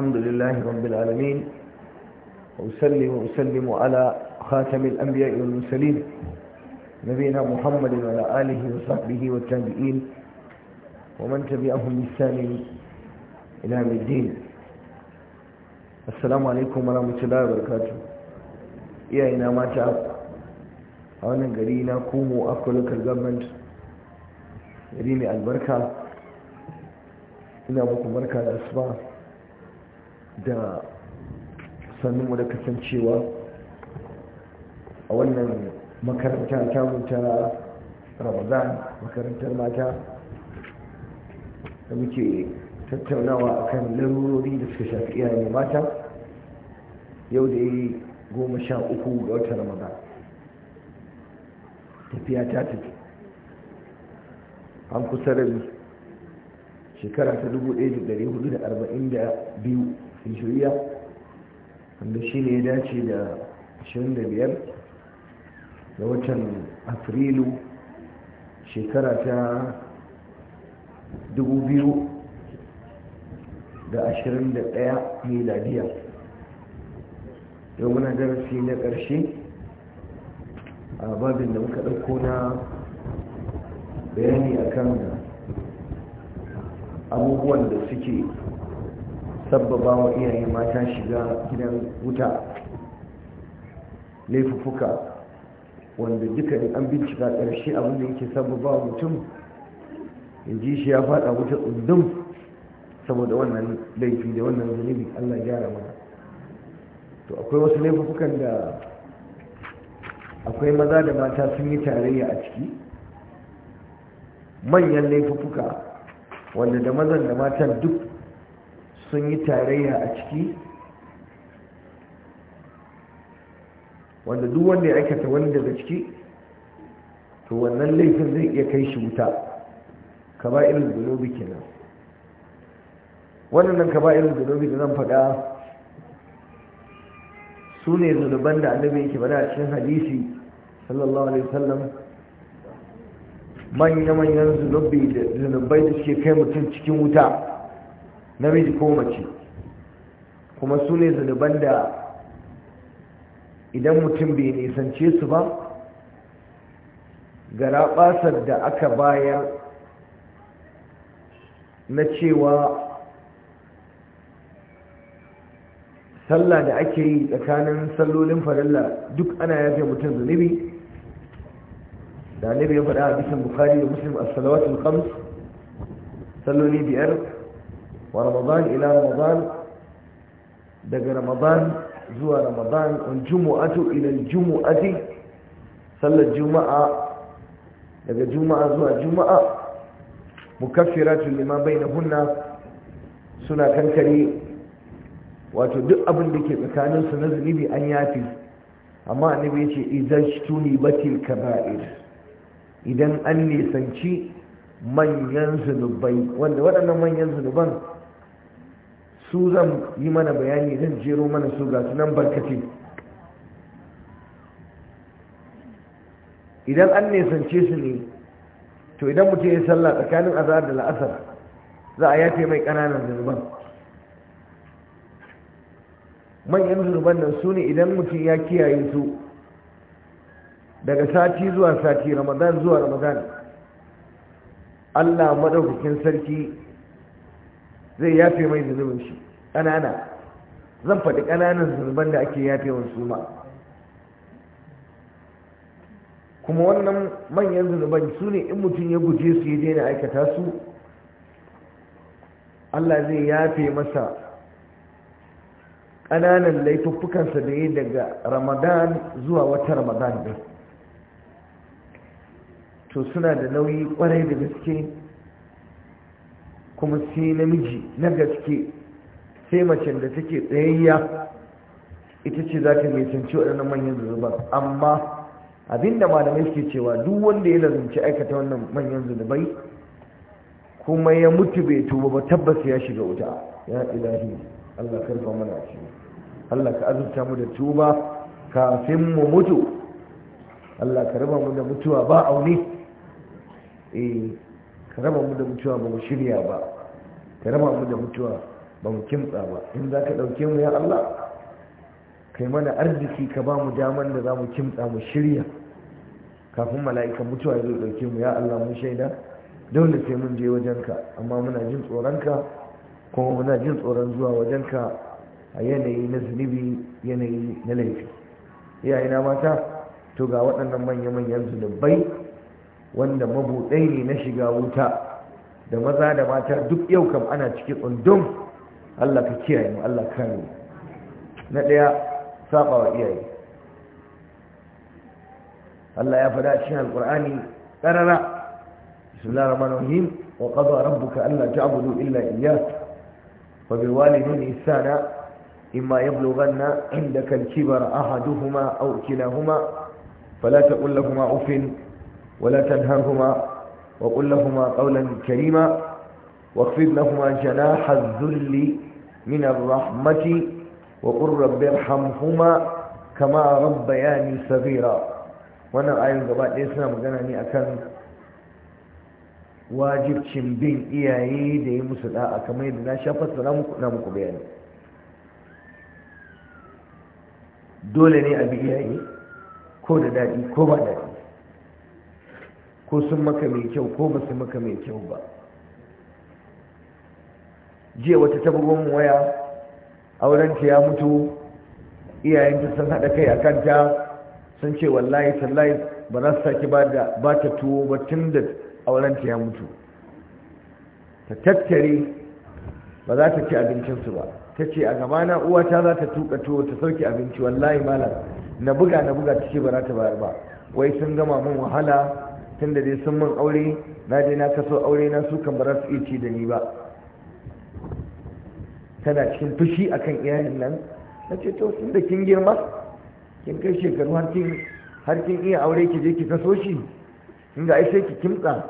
الحمد لله رب العالمين وسلم وسلم على خاتم الأنبياء والمرسلين نبينا محمد وعلى آله وصحبه والتابعين ومن تبعهم بالثاني إلى يوم الدين السلام عليكم ورحمة الله وبركاته يا إنا ما تعب أنا قرينا كومو أقول لك الجمنت ريمي البركة ina muku barka da asuba da mu da kasancewa a wannan makaranta ta ta ramadan makarantar mata da muke tattaunawa a kan larurori da suka shafi iyaye mata yau da yi goma sha uku ga wata ramadan tafiya ta tafi an kusa rabi shekara ta biyu. hijiriya wanda shi ne ya dace da 25 ga watan afrilu shekara ta 2021 miladiya yau muna darasi na ƙarshe a babin da muka ɗauko na bayani akan abubuwan da suke sabbaba wa iyaye mata shiga gidan wuta laifuka wanda duka da an bincika ƙarshe abin da yake sabbaba wa mutum in ji shi ya faɗa wuta tsundum saboda wannan laifi da wannan zunubi allah gyara mana to akwai wasu laifukan da akwai maza da mata sun yi tarayya a ciki manyan laifuka wanda da mazan da matan duk sun yi tarayya a ciki wanda duk wanda ya aikata wani daga ciki to wannan laifin zai iya kai shi wuta Ka ba irin zunubi kenan wannan ka ba irin zunubi da zan faɗa su ne zunuban da annabi yake faɗa a cikin hadisi sallallahu alaihi wasallam manya-manyan zunubai da suke kai mutum cikin wuta namiji ko mace kuma su ne zunuban da idan mutum bai nisance su ba garaɓasar da aka bayar na cewa sallah da ake yi tsakanin sallolin farilla duk ana yafe mutum zunubi da annabi ya faɗa a bisan bukari da muslim a salawatul khams salloli biyar wa ramadan ila ramadan daga ramadan zuwa ramadan wal jumu'atu ila al sallar juma'a daga juma'a zuwa juma'a mukaffiratun lima bainahunna suna kankare wato duk abinda ke tsakaninsu na zunubi an yafi amma annabi yace idan shtuni batil kaba'ir idan an nisanci manyan zunubai waɗannan manyan zunuban su zan yi mana bayani zan jero mana su ga sunan barkace idan an nesance su ne to idan mutum ya sallah tsakanin azahar da la'asar za a yafe mai ƙananan zunuban manyan zunuban nan su ne idan mutum ya kiyaye su daga sati zuwa sati ramadan zuwa ramadan allah maɗaukakin sarki zai yafe mai zunubin shi ƙanana zan faɗi ƙananan zunuban da ake yafe wa su ma kuma wannan manyan zunuban su ne in mutum ya guje su ya daina aikata su Allah zai yafe masa ƙananan laifuffukansa da ya daga ramadan zuwa wata ramadan ɗin to suna da nauyi ƙwarai da gaske kuma sai namiji na gaske sai macen da take tsayayya ita ce za ta mai canci waɗannan manyan zunuban amma abinda malamai suke cewa duk wanda ya lazumci aikata wannan manyan zunubai kuma ya mutu bai tuba ba tabbas ya shiga wuta ya ilahi Allah karfa mana ce Allah ka azurta mu da tuba kafin mu mutu Allah ka raba mu da mutuwa ba aune eh ka mu da mutuwa ba mu shirya ba ka mu da mutuwa ba mu kimtsa ba in za ka ɗauke mu ya Allah kai mana arziki ka ba mu daman da za mu kimtsa mu shirya kafin mala'ikan mutuwa ya zo ɗauke mu ya Allah mun shaida dole sai mun je ka amma muna jin tsoronka kuma muna jin tsoron zuwa ka a yanayi na zunubi yanayi na laifi iyayena mata to ga waɗannan manya-manyan zunubai wanda mabuɗai ne na shiga wuta da maza da mata duk yau kam ana cikin tsundum Allah ka kiyaye mu Allah kare mu na ɗaya saba wa iyaye Allah ya faɗa cikin alƙur'ani ƙarara bismillahir rahmanir rahim wa qada rabbuka alla ta'budu illa iyyah wa bil walidayni ihsana imma yablughanna indaka al-kibara ahaduhuma aw kilahuma fala taqul lahumā ufin ولا تنهرهما وقل لهما قولا كريما واخفض لهما جناح الذل من الرحمة وقل رب ارحمهما كما ربياني صغيرا وانا آية gaba ɗaya suna magana ne akan wajibcin bin iyaye da yi musu da'a kamar yadda na sha fassara na muku bayani dole ne a bi iyaye ko da daɗi ko ba ko sun maka mai kyau ko ba su maka mai kyau ba jiya wata tabbogon waya aurenta ya mutu iyayenta sun haɗa kai a kanta sun ce wallahi tallahi ba za su sake ba ta tuwo ba tun da aurenta ya mutu ta tattare ba za ta ci abincinsu ba ta ce a gabana uwata za ta tuka tuwo ta sauke abinci wallahi malam na buga na buga ta ce ba za ta bayar ba wai sun gama mun wahala tun da dai sun min aure na dai na kaso aure na su kan bara su iya ci da ni ba tana cikin fushi a kan iyayen nan na ce to sun da kin girma kin kai shekaru har kin iya aure ki je ki kaso shi in ga ai sai ki kimtsa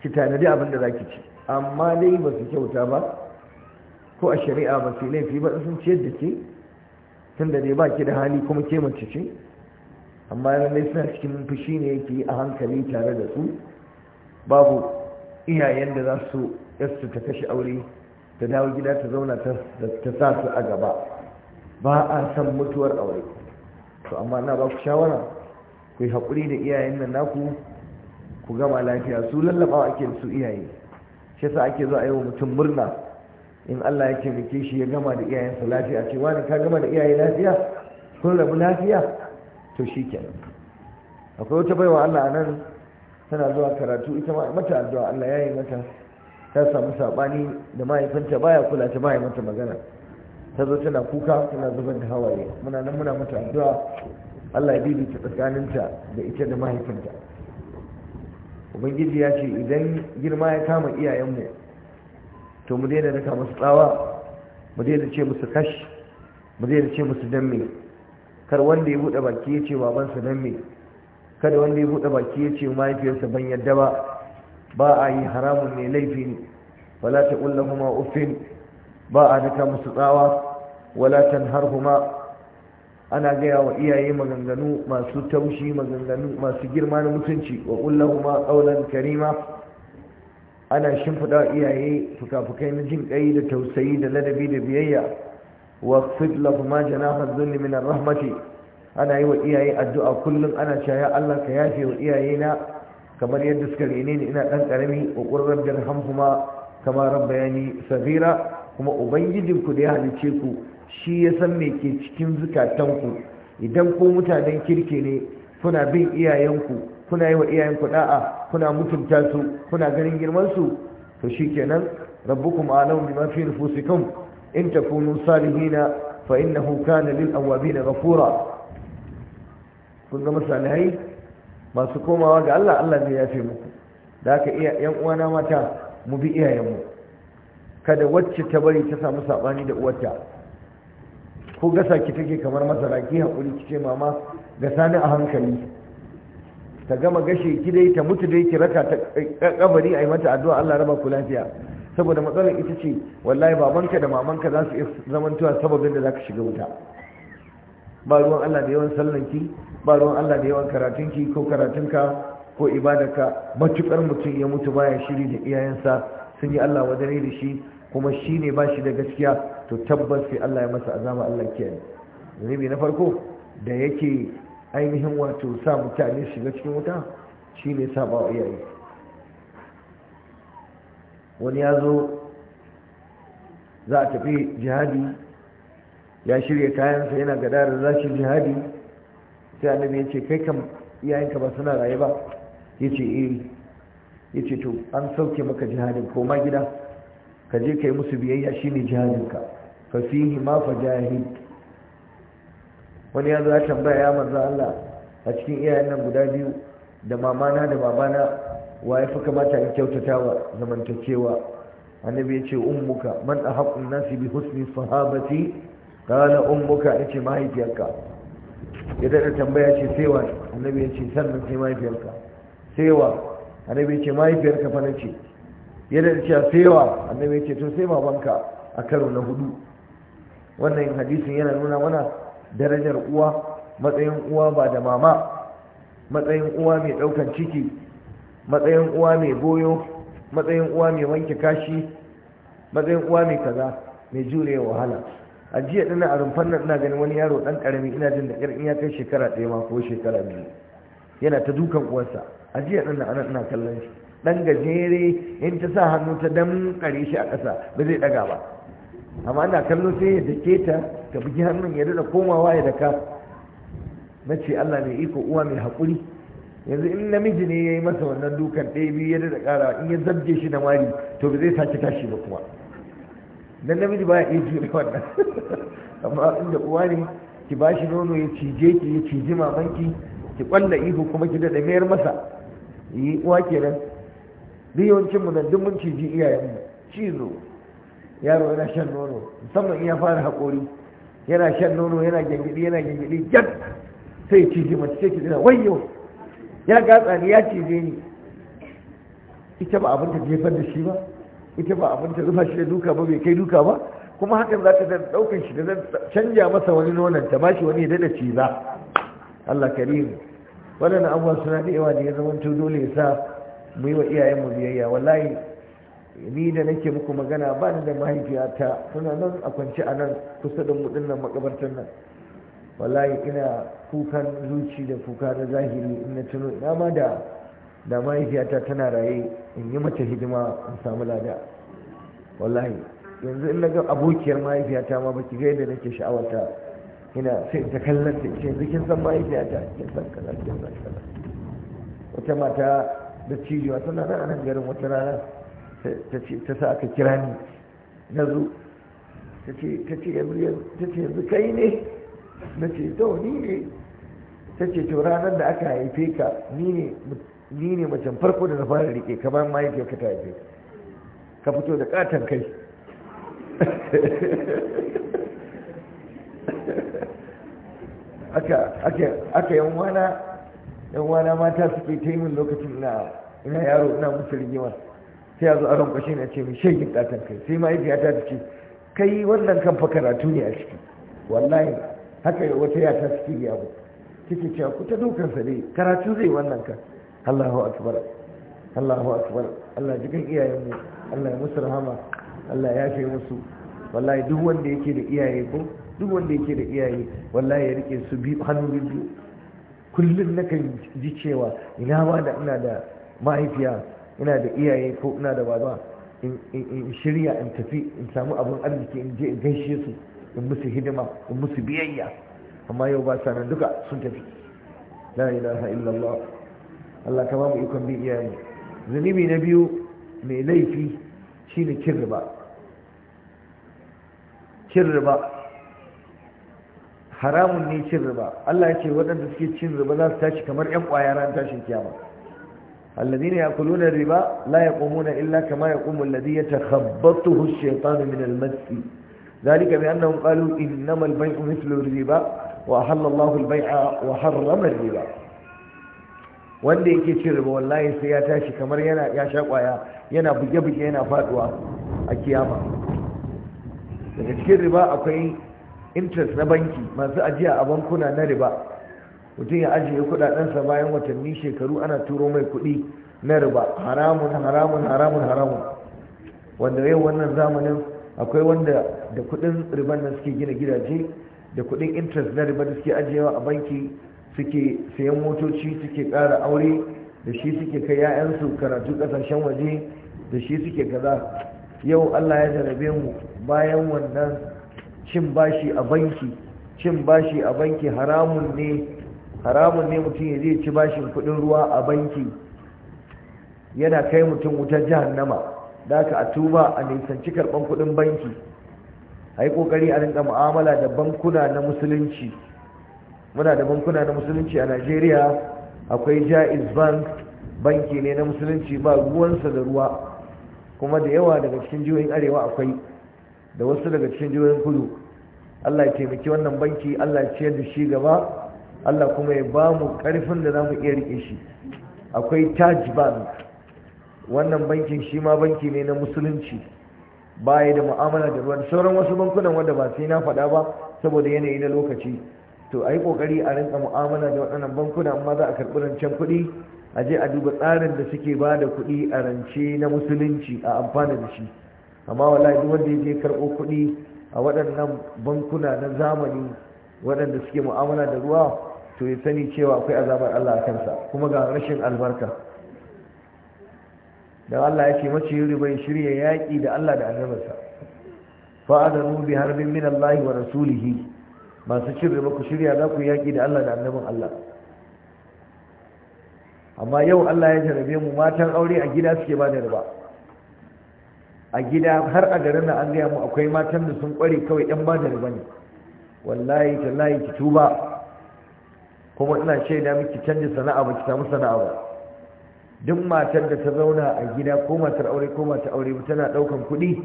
ki tanadi abin da za ki ci amma dai ba su kyauta ba ko a shari'a ba su laifi ba sun ciyar da ke tun da dai ba ki da hali kuma ke mace ce amma lallai suna cikin fushi ne yake a hankali tare da su babu iyayen da za su yarsu ta kashe aure ta dawo gida ta zauna ta sa su a gaba ba a san mutuwar aure to amma na ba ku shawara ku yi haƙuri da iyayen nan naku ku gama lafiya su lallabawa ake su iyaye shi yasa ake zuwa yi wa mutum murna in Allah ya taimake shi ya gama da iyayensa lafiya ce wani ka gama da iyaye lafiya kun rabu lafiya to shi kenan akwai wata baiwa Allah nan tana zuwa karatu ita mata addu'a Allah ya yi mata ta samu sabani da mahaifinta baya kula ta baya mata magana ta zo tana kuka tana zubar da hawaye muna nan muna mata addu'a Allah ya bibi ta tsakaninta da ita da mahaifinta ubangiji ya ce idan girma ya kama iyayenmu to mu daina raka musu tsawa mu daina ce musu kashi mu daina ce musu danme kar wanda ya buɗe baki ya ce babansa nan me kada wanda ya buɗe baki ya ce mahaifiyarsa ban yadda ba ba a yi haramun ne laifi ne wala ta ƙulla kuma ufin ba a daka musu tsawa wala har kuma ana gaya wa iyaye maganganu masu taushi maganganu masu girma na mutunci wa ƙulla kuma ƙaunar karima ana shimfiɗa iyaye fuka-fukai na jin ƙai da tausayi da ladabi da biyayya wa fitla kuma janahar zulli min rahmati ana yi wa iyaye addu'a kullum ana cewa Allah ka yafe wa iyaye na kamar yadda suka rene ni ina dan karami wa qurrab jarhamhuma kamar rabbayani sabira kuma ubangijin da ya halice ku shi ya san me ke cikin zukatanku. idan ko mutanen kirke ne kuna bin iyayenku kuna yi wa iyayenku da'a kuna mutunta su kuna ganin girman su to shikenan rabbukum a'lamu bima fi nufusikum in takunu salihina fa innahu kana lil awwabin ghafura kun zama salihai masu komawa ga Allah Allah ne ya fi muku da aka iya yan uwana mata mu bi iyayenmu kada wacce ta bari ta samu sabani da uwarta ko gasa ki take kamar masara ki hakuri ki ce mama gasa ni a hankali ta gama gashe ki dai ta mutu dai ki raka ta kabari ai mata addu'a Allah raba ku lafiya saboda matsalar ita ce wallahi babanka da mamanka za su zamantuwa saboda da zaka shiga wuta ba ruwan Allah da yawan sallanki ba ruwan Allah da yawan karatunki ko karatunka ko ibadarka matukar mutum ya mutu baya shiri da iyayensa sun yi Allah wadare da shi kuma shi ne ba shi da gaskiya to tabbas sai Allah ya masa azama Allah kiyaye zunubi na farko da yake ainihin wato sa mutane shiga cikin wuta shi ne sabawa wa iyaye wani ya zo za a tafi jihadi ya shirya kayansa yana gada da zashin jihadi sai annabi ya ce kai kam iyayenka ba suna raye ba ya ce iri eh. ya ce to an sauke maka jihadin koma gida ka je ka yi musu biyayya shi ne jihadinka fa fihi ma fa wani ya zo tambaya ya manzo Allah a cikin iyayen nan guda biyu da mamana da babana wa ya fi kamata in wa zamantakewa annabi ya ce ummuka man ahaqqun nasi bi husni sahabati kana ummuka ita mahaifiyarka ya ta tambaya ce sai wa ya ce sannan sai mahaifiyarka sai wa ya ce mahaifiyarka fa nace ya daɗa cewa sai wa annabi ce to sai babanka a karo na hudu wannan hadisin yana nuna mana darajar uwa matsayin uwa ba da mama matsayin uwa mai ɗaukan ciki matsayin uwa mai goyo matsayin uwa mai wanke kashi matsayin uwa mai kaza mai jure wahala a jiya dana a rumfan nan ina ganin wani yaro dan karami ina jin da in ya kai shekara ɗaya ma ko shekara biyu yana ta dukan uwarsa a jiya dana nan ina kallon shi dan gajere in ta sa hannu ta damkare shi a ƙasa ba zai daga ba amma ina kallo sai ya dake ta ka bugi hannun ya dada komawa ya daka na ce Allah mai iko uwa mai haƙuri yanzu in namiji ne ya yi masa wannan dukan ɗaya biyu ya dada ƙara in ya zabge shi da mari to ba zai sake tashi ba kuma dan namiji ba ya iya jure wannan amma inda uwa ne ki ba shi nono ya cije ki ya ciji mamanki ki kwalla ihu kuma ki daɗa mayar masa yi uwa kenan duk yawancin mu nan duk mun ciji mu cizo yaro yana shan nono musamman in ya fara haƙori yana shan nono yana gyangyaɗi yana gyangyaɗi gyat sai ciji mace ce ki zina wayyo ya gatsa ni ya cije ni ita ba abin ta jefar da shi ba ita ba abin ta zuba shi da duka ba bai kai duka ba kuma hakan za ta da ɗaukar shi da zan canja masa wani nonon ta bashi wani da ci za Allah karim wannan abuwa suna da yawa da ya zama to dole ya sa mu yi wa iyayenmu biyayya wallahi ni da nake muku magana ba ni da mahaifiyata suna nan a kwanci a nan kusa da mudin nan makabartar nan wallahi ina kukan zuci da kuka na zahiri in na tuno ina ma da da mahaifiyata tana raye in yi mace hidima in samu lada wallahi yanzu in ga abokiyar mahaifiyata ma baki ga yadda nake sha'awata ina sai ta kallon ta ce yanzu kin san mahaifiyata kin san kaza kin san kaza wata mata da cijiwa tana nan a nan garin wata rana ta sa aka kira ni na zo ta ce yanzu kai ne na ce to ni ne ta ce to ranar da aka haife ka ni ne ni ne macen farko da na fara rike kamar bayan mahaifiyar ka ta haife ka fito da katon kai aka yan wana yan wana mata suke ta yi min lokacin na ina yaro ina musu rigima sai ya zo a rankwashe na ce mai shagin katon kai sai mahaifiyata ta ce kai wannan kan fa karatu ne a ciki wallahi haka wata yata suke yabo kike cewa ku ta dukansa dai karatu zai wannan kan Allahu akbar Allahu akbar Allah jikin iyayenmu Allah ya musu rahama Allah ya fi musu wallahi duk wanda yake da iyaye ko duk wanda yake da iyaye wallahi ya rike su bi hannu biyu kullum kan ji cewa ina ba da ina da mahaifiya ina da iyaye ko ina da baba in shirya in tafi in samu abin arziki in je in gaishe su in musu hidima in musu biyayya amma yau ba sanan duka sun tafi la ilaha illallah Allah ka ba mu ikon bi iyaye zunubi na biyu mai laifi shine cin riba haramun ne cin riba Allah ya ce waɗanda suke cin riba za su tashi kamar ƴan ƙwaya ran tashin kiyama alladhina yaquluna riba la yaqumuna illa kama yaqumu alladhi yatakhabbathu ash-shaytanu min al-mass ذلك بأنهم قالوا إنما البيع مثل الربا وأحل الله البيع وحرم الربا wanda yake cin riba wallahi sai ya tashi kamar yana ya sha kwaya yana buge-buge yana faduwa a kiyama daga cikin riba akwai interest na banki masu ajiya a bankuna na riba mutum ya ajiye kudadensa bayan watanni shekaru ana turo mai kudi na riba haramun haramun haramun haramun wanda yau wannan zamanin akwai wanda da kudin riban nan suke gina gidaje da kudin interest na riba da suke ajiyewa a banki suke sayan motoci suke ƙara aure da shi suke kai 'ya'yansu karatu ƙasashen waje da shi suke kaza yau allah ya jarabe mu bayan wannan cin bashi a banki cin bashi a banki haramun ne haramun ne mutum ya zai ci bashin kuɗin ruwa a banki yana kai mutum wutar jahannama da aka a tuba a nisanci karban kuɗin banki a yi kokari a rinka mu'amala da bankuna na musulunci muna da bankuna na musulunci a Najeriya akwai Jaiz Bank banki ne na musulunci ba ruwansa da ruwa kuma da yawa daga cikin jihohin arewa akwai da wasu daga cikin jihohin kudu Allah ya taimaki wannan banki Allah ya ciyar da shi gaba Allah kuma ya ba mu karfin da za mu iya rike shi akwai Taj Bank wannan bankin shi ma banki ne na musulunci baya da mu'amala da ruwa sauran wasu bankunan wanda ba sai na faɗa ba saboda yanayi na lokaci to a yi ƙoƙari a rinka mu'amala da waɗannan bankuna amma za a karɓi rancen kuɗi a je a duba tsarin da suke ba da kuɗi a rance na musulunci a amfana da shi amma wallahi duk wanda ya je karɓo kuɗi a waɗannan bankuna na zamani waɗanda suke mu'amala da ruwa to ya sani cewa akwai azabar Allah a kansa kuma ga rashin albarka Da Allah ya ce mace yuri bai shirya yaƙi da Allah da annabinsa fa'adanu bi harbin min Allah wa rasulihi masu cin riba ku shirya za ku yaƙi da Allah da annabin Allah amma yau Allah ya jarabe mu matan aure a gida suke ba da riba a gida har a garin nan an gaya mu akwai matan da sun kware kawai yan ba da riba ne wallahi tallahi ki tuba kuma ina shaida miki canji sana'a ba ki samu sana'a ba duk matar da ta zauna a gida ko matar aure ko matar aure ba tana daukan kuɗi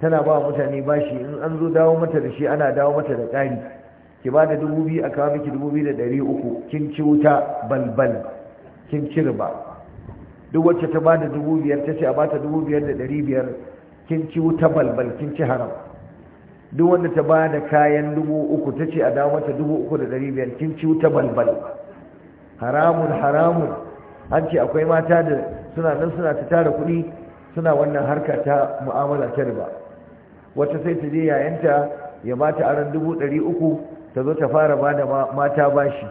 tana ba mutane bashi in an zo dawo mata da shi ana dawo mata da ƙari ki ba da dubu biyu a kawo miki dubu biyu da ɗari uku kin ci wuta balbal kin ci riba duk wacce ta ba da dubu biyar ta ce a bata dubu biyar da ɗari biyar kin ci wuta balbal kin ci haram duk wanda ta ba da kayan dubu uku ta ce a dawo mata dubu uku da ɗari biyar kin ci wuta balbal haramun haramun an ce akwai mata da suna nan suna ta tara kuɗi suna wannan harka ta mu'amala ta riba wata sai ta je yayanta ya bata aron dubu ɗari uku ta zo ta fara ba da mata bashi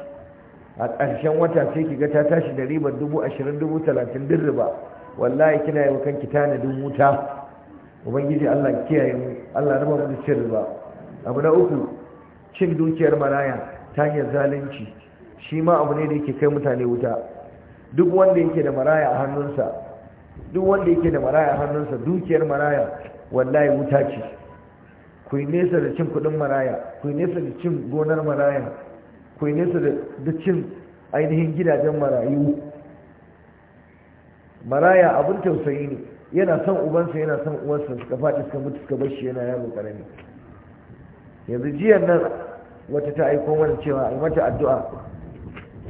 a ƙarshen wata sai ki ga ta tashi da ribar dubu ashirin dubu talatin din riba wallahi kina yi wa kanki tanadin wuta ubangiji allah kiyaye mu allah raba mu da cin riba abu na uku cin dukiyar maraya ta hanyar zalunci shi ma abu ne da yake kai mutane wuta duk wanda yake da maraya a hannunsa duk wanda yake da maraya a hannunsa dukiyar maraya wallahi wuta ce ku yi nesa da cin kudin maraya ku yi nesa da cin gonar maraya ku yi nesa da cin ainihin gidajen marayu maraya abin tausayi ne yana son ubansa yana son uwansa suka faɗi suka mutu suka bar shi yana yaro ƙarami yanzu jiyan nan wata ta aiko mana cewa a mata addu'a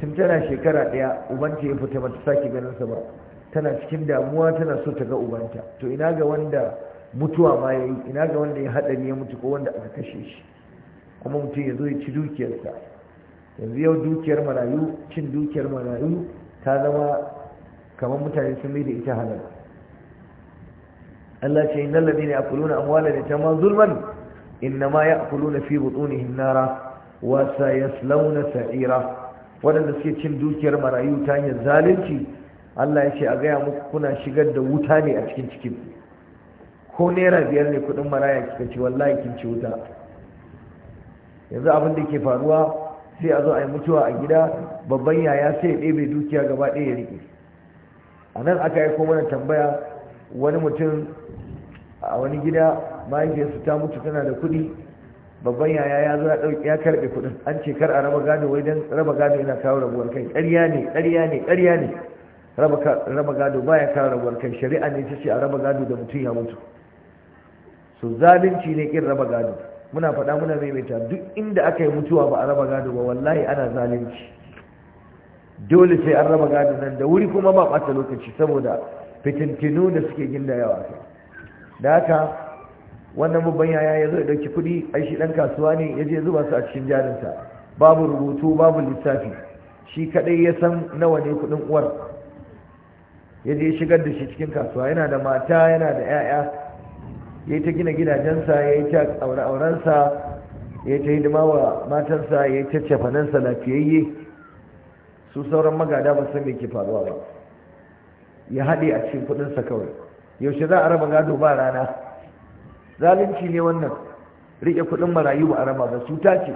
tun tana shekara ɗaya ubanta ya fita mata sake sa ba tana cikin damuwa tana so ta ga ubanta to ina ga wanda mutuwa ma ya yi ina ga wanda ya haɗari ya mutu ko wanda aka kashe shi kuma mutum ya zo ya ci dukiyarsa yanzu yau dukiyar marayu cin dukiyar marayu ta zama kamar mutane sun mai da ita halal Allah ce innal ladina ya'kuluna amwala yatama zulman innama ya'kuluna fi butunihim nara wa sayaslawna sa'ira wadanda suke cin dukiyar marayu ta hanyar zalunci Allah ya ce a gaya muku kuna shigar da wuta ne a cikin cikin ko naira biyar ne kudin maraya kika ce wallahi kin ci wuta yanzu abin da ke faruwa sai a zo a yi mutuwa a gida babban yaya sai ya ɗebe dukiya gaba ɗaya ya riƙe a nan aka yi mana tambaya wani mutum a wani gida mahaifiyarsa ta mutu tana da kuɗi babban yaya ya zo ya karɓe kuɗin an ce kar a raba gado wai don raba gado yana kawo rabuwar kai ƙarya ne ƙarya ne ƙarya ne raba gado baya kawo rabuwar kai shari'a ne ta ce a raba gado da mutum ya mutu so zalunci ne kin raba gado muna faɗa muna maimaita duk inda aka yi mutuwa ba a raba gado ba wallahi ana zalunci dole sai an raba gado nan da wuri kuma ba ɓata lokaci saboda fitintinu da suke ginda yawa da haka wannan babban yaya ya zo ya ɗauki kuɗi ai shi ɗan kasuwa ne ya je zuba su a cikin jarinsa babu rubutu babu lissafi shi kaɗai ya san nawa ne kuɗin uwar ya je shigar da shi cikin kasuwa yana da mata yana da 'ya'ya ya yi ta gina gidajensa ya yi ta aure-aurensa ya yi ta hidima wa matansa ya yi ta cefanansa lafiyayye su sauran magada ba san ke faruwa ba ya haɗe a cikin kuɗinsa kawai yaushe za a raba gado ba rana zalunci ne wannan riƙe kuɗin marayu ba a raba ba su tace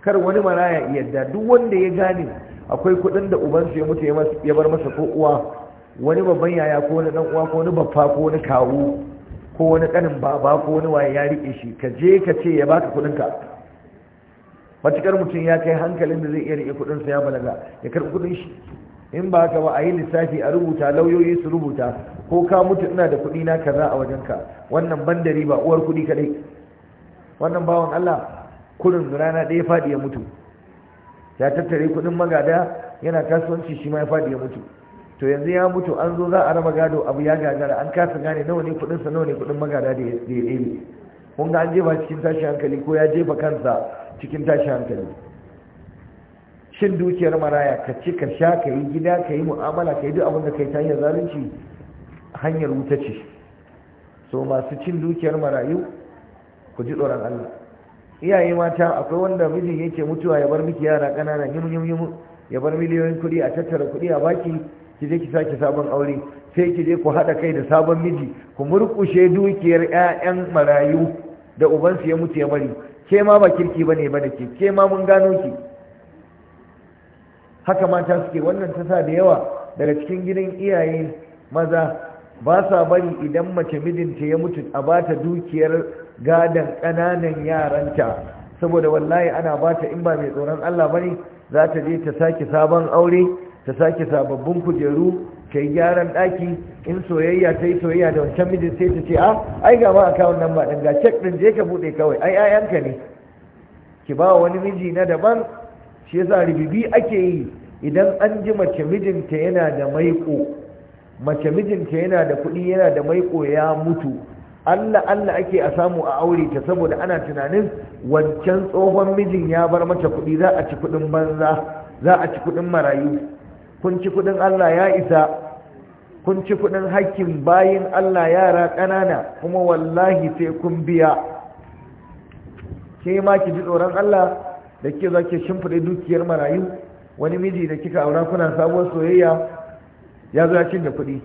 kar wani maraya yadda duk wanda ya gane akwai kuɗin da ubansu ya mutu ya bar masa ko uwa wani babban yaya ko wani dan uwa ko wani baffa ko wani kawu ko wani kanin baba ko wani waye ya rike shi ka je ka ce ya baka kuɗinka. matukar mutum ya kai hankalin da zai iya rike kudin sa ya balaga ya karbi kudin shi in ba ka ba a yi lissafi a rubuta lauyoyi su rubuta ko ka mutu ina da kuɗi na kaza a wajenka wannan bandari ba uwar kudi kadai wannan bawan Allah kurin rana ɗaya faɗi ya mutu ya tattare kuɗin magada yana kasuwanci shi ma ya faɗi ya mutu to yanzu ya mutu an zo za a raba gado abu ya gagara an kasa gane nawa ne kudin sa nawa ne kudin magada da ya ɗebe kun ga an jefa cikin tashi hankali ko ya jefa kansa cikin tashi hankali shin dukiyar maraya ka ci ka sha ka yi gida ka yi mu'amala ka yi duk abin da kai ta hanyar zalunci hanyar wuta ce so masu cin dukiyar marayu ku ji tsoron Allah iyaye mata akwai wanda mijin yake mutuwa ya bar miki yara ƙanana yimu yimu ya bar miliyoyin kuɗi a tattara kuɗi a baki ki je ki sake sabon aure sai ki je ku haɗa kai da sabon miji ku murƙushe dukiyar 'ya'yan marayu da ubansu ya mutu ya bari ke ma ba kirki ba ne ba da ke ke ma mun gano ki haka mata suke wannan ta sa da yawa daga cikin gidan iyaye maza ba sa bari idan mace mijinta ya mutu a ba ta dukiyar gadon ƙananan yaranta saboda wallahi ana ba ta in ba mai tsoron Allah ba ne za ta je ta sake sabon aure ta sake sababbin kujeru ta yi gyaran ɗaki in soyayya ta yi soyayya da wancan mijin sai ta ce a ah, ai ga ma kawo nan ba ɗin ga cek ɗin je ka buɗe kawai ai ayanka ne ki ba wani miji na daban shi yasa ribibi ake yi idan an ji mace mijinta yana da maiko mace mijinta yana da kuɗi yana da maiko ya mutu Allah Allah ake a samu a aure ta saboda ana tunanin wancan tsohon mijin ya bar mata kuɗi za a ci kuɗin banza za a ci kuɗin marayu kun ci kudin Allah ya isa kun ci kudin hakkin bayin Allah yara ƙanana kuma wallahi sai kun biya ke ma ki ji tsoron Allah da ke za ke shimfiɗe dukiyar marayu wani miji da kika aura kuna sabuwar soyayya ya zo ya cinye kuɗi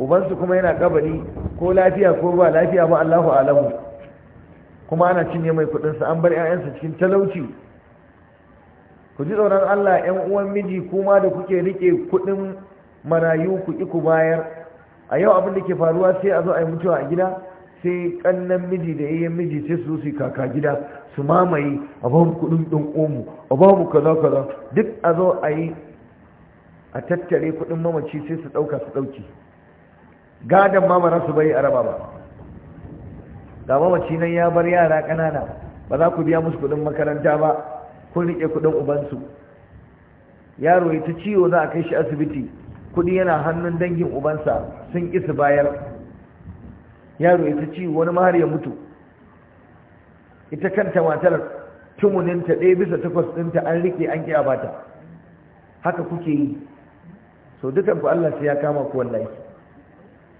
ubansu kuma yana kabari ko lafiya ko ba lafiya ba Allahu alamu kuma ana cinye mai kuɗinsa an bar 'ya'yansa cikin talauci ku ji tsoron Allah ‘yan uwan miji kuma da kuke rike kuɗin marayu ku ƙi ku bayar a yau abin da ke faruwa sai a zo a yi mutuwa a gida sai ƙannan miji da yayin miji sai su su kaka gida su mamaye a ba mu kuɗin ɗin omu a ba kaza kaza duk a zo a yi a tattare kuɗin mamaci sai su ɗauka su ɗauki gadon mamara su bai a raba ba ga mamaci nan ya bar yara ƙanana ba za ku biya musu kuɗin makaranta ba kun riƙe kuɗin ubansu yaro ya ta ciwo za a kai shi asibiti kuɗi yana hannun dangin ubansa sun isa bayar yaro ya ta ciwo wani mahar ya mutu ita kanta matar tumuninta ɗaya bisa takwas ɗinta an riƙe an ƙi bata haka kuke yi so dukanku Allah sai ya kama ku wallahi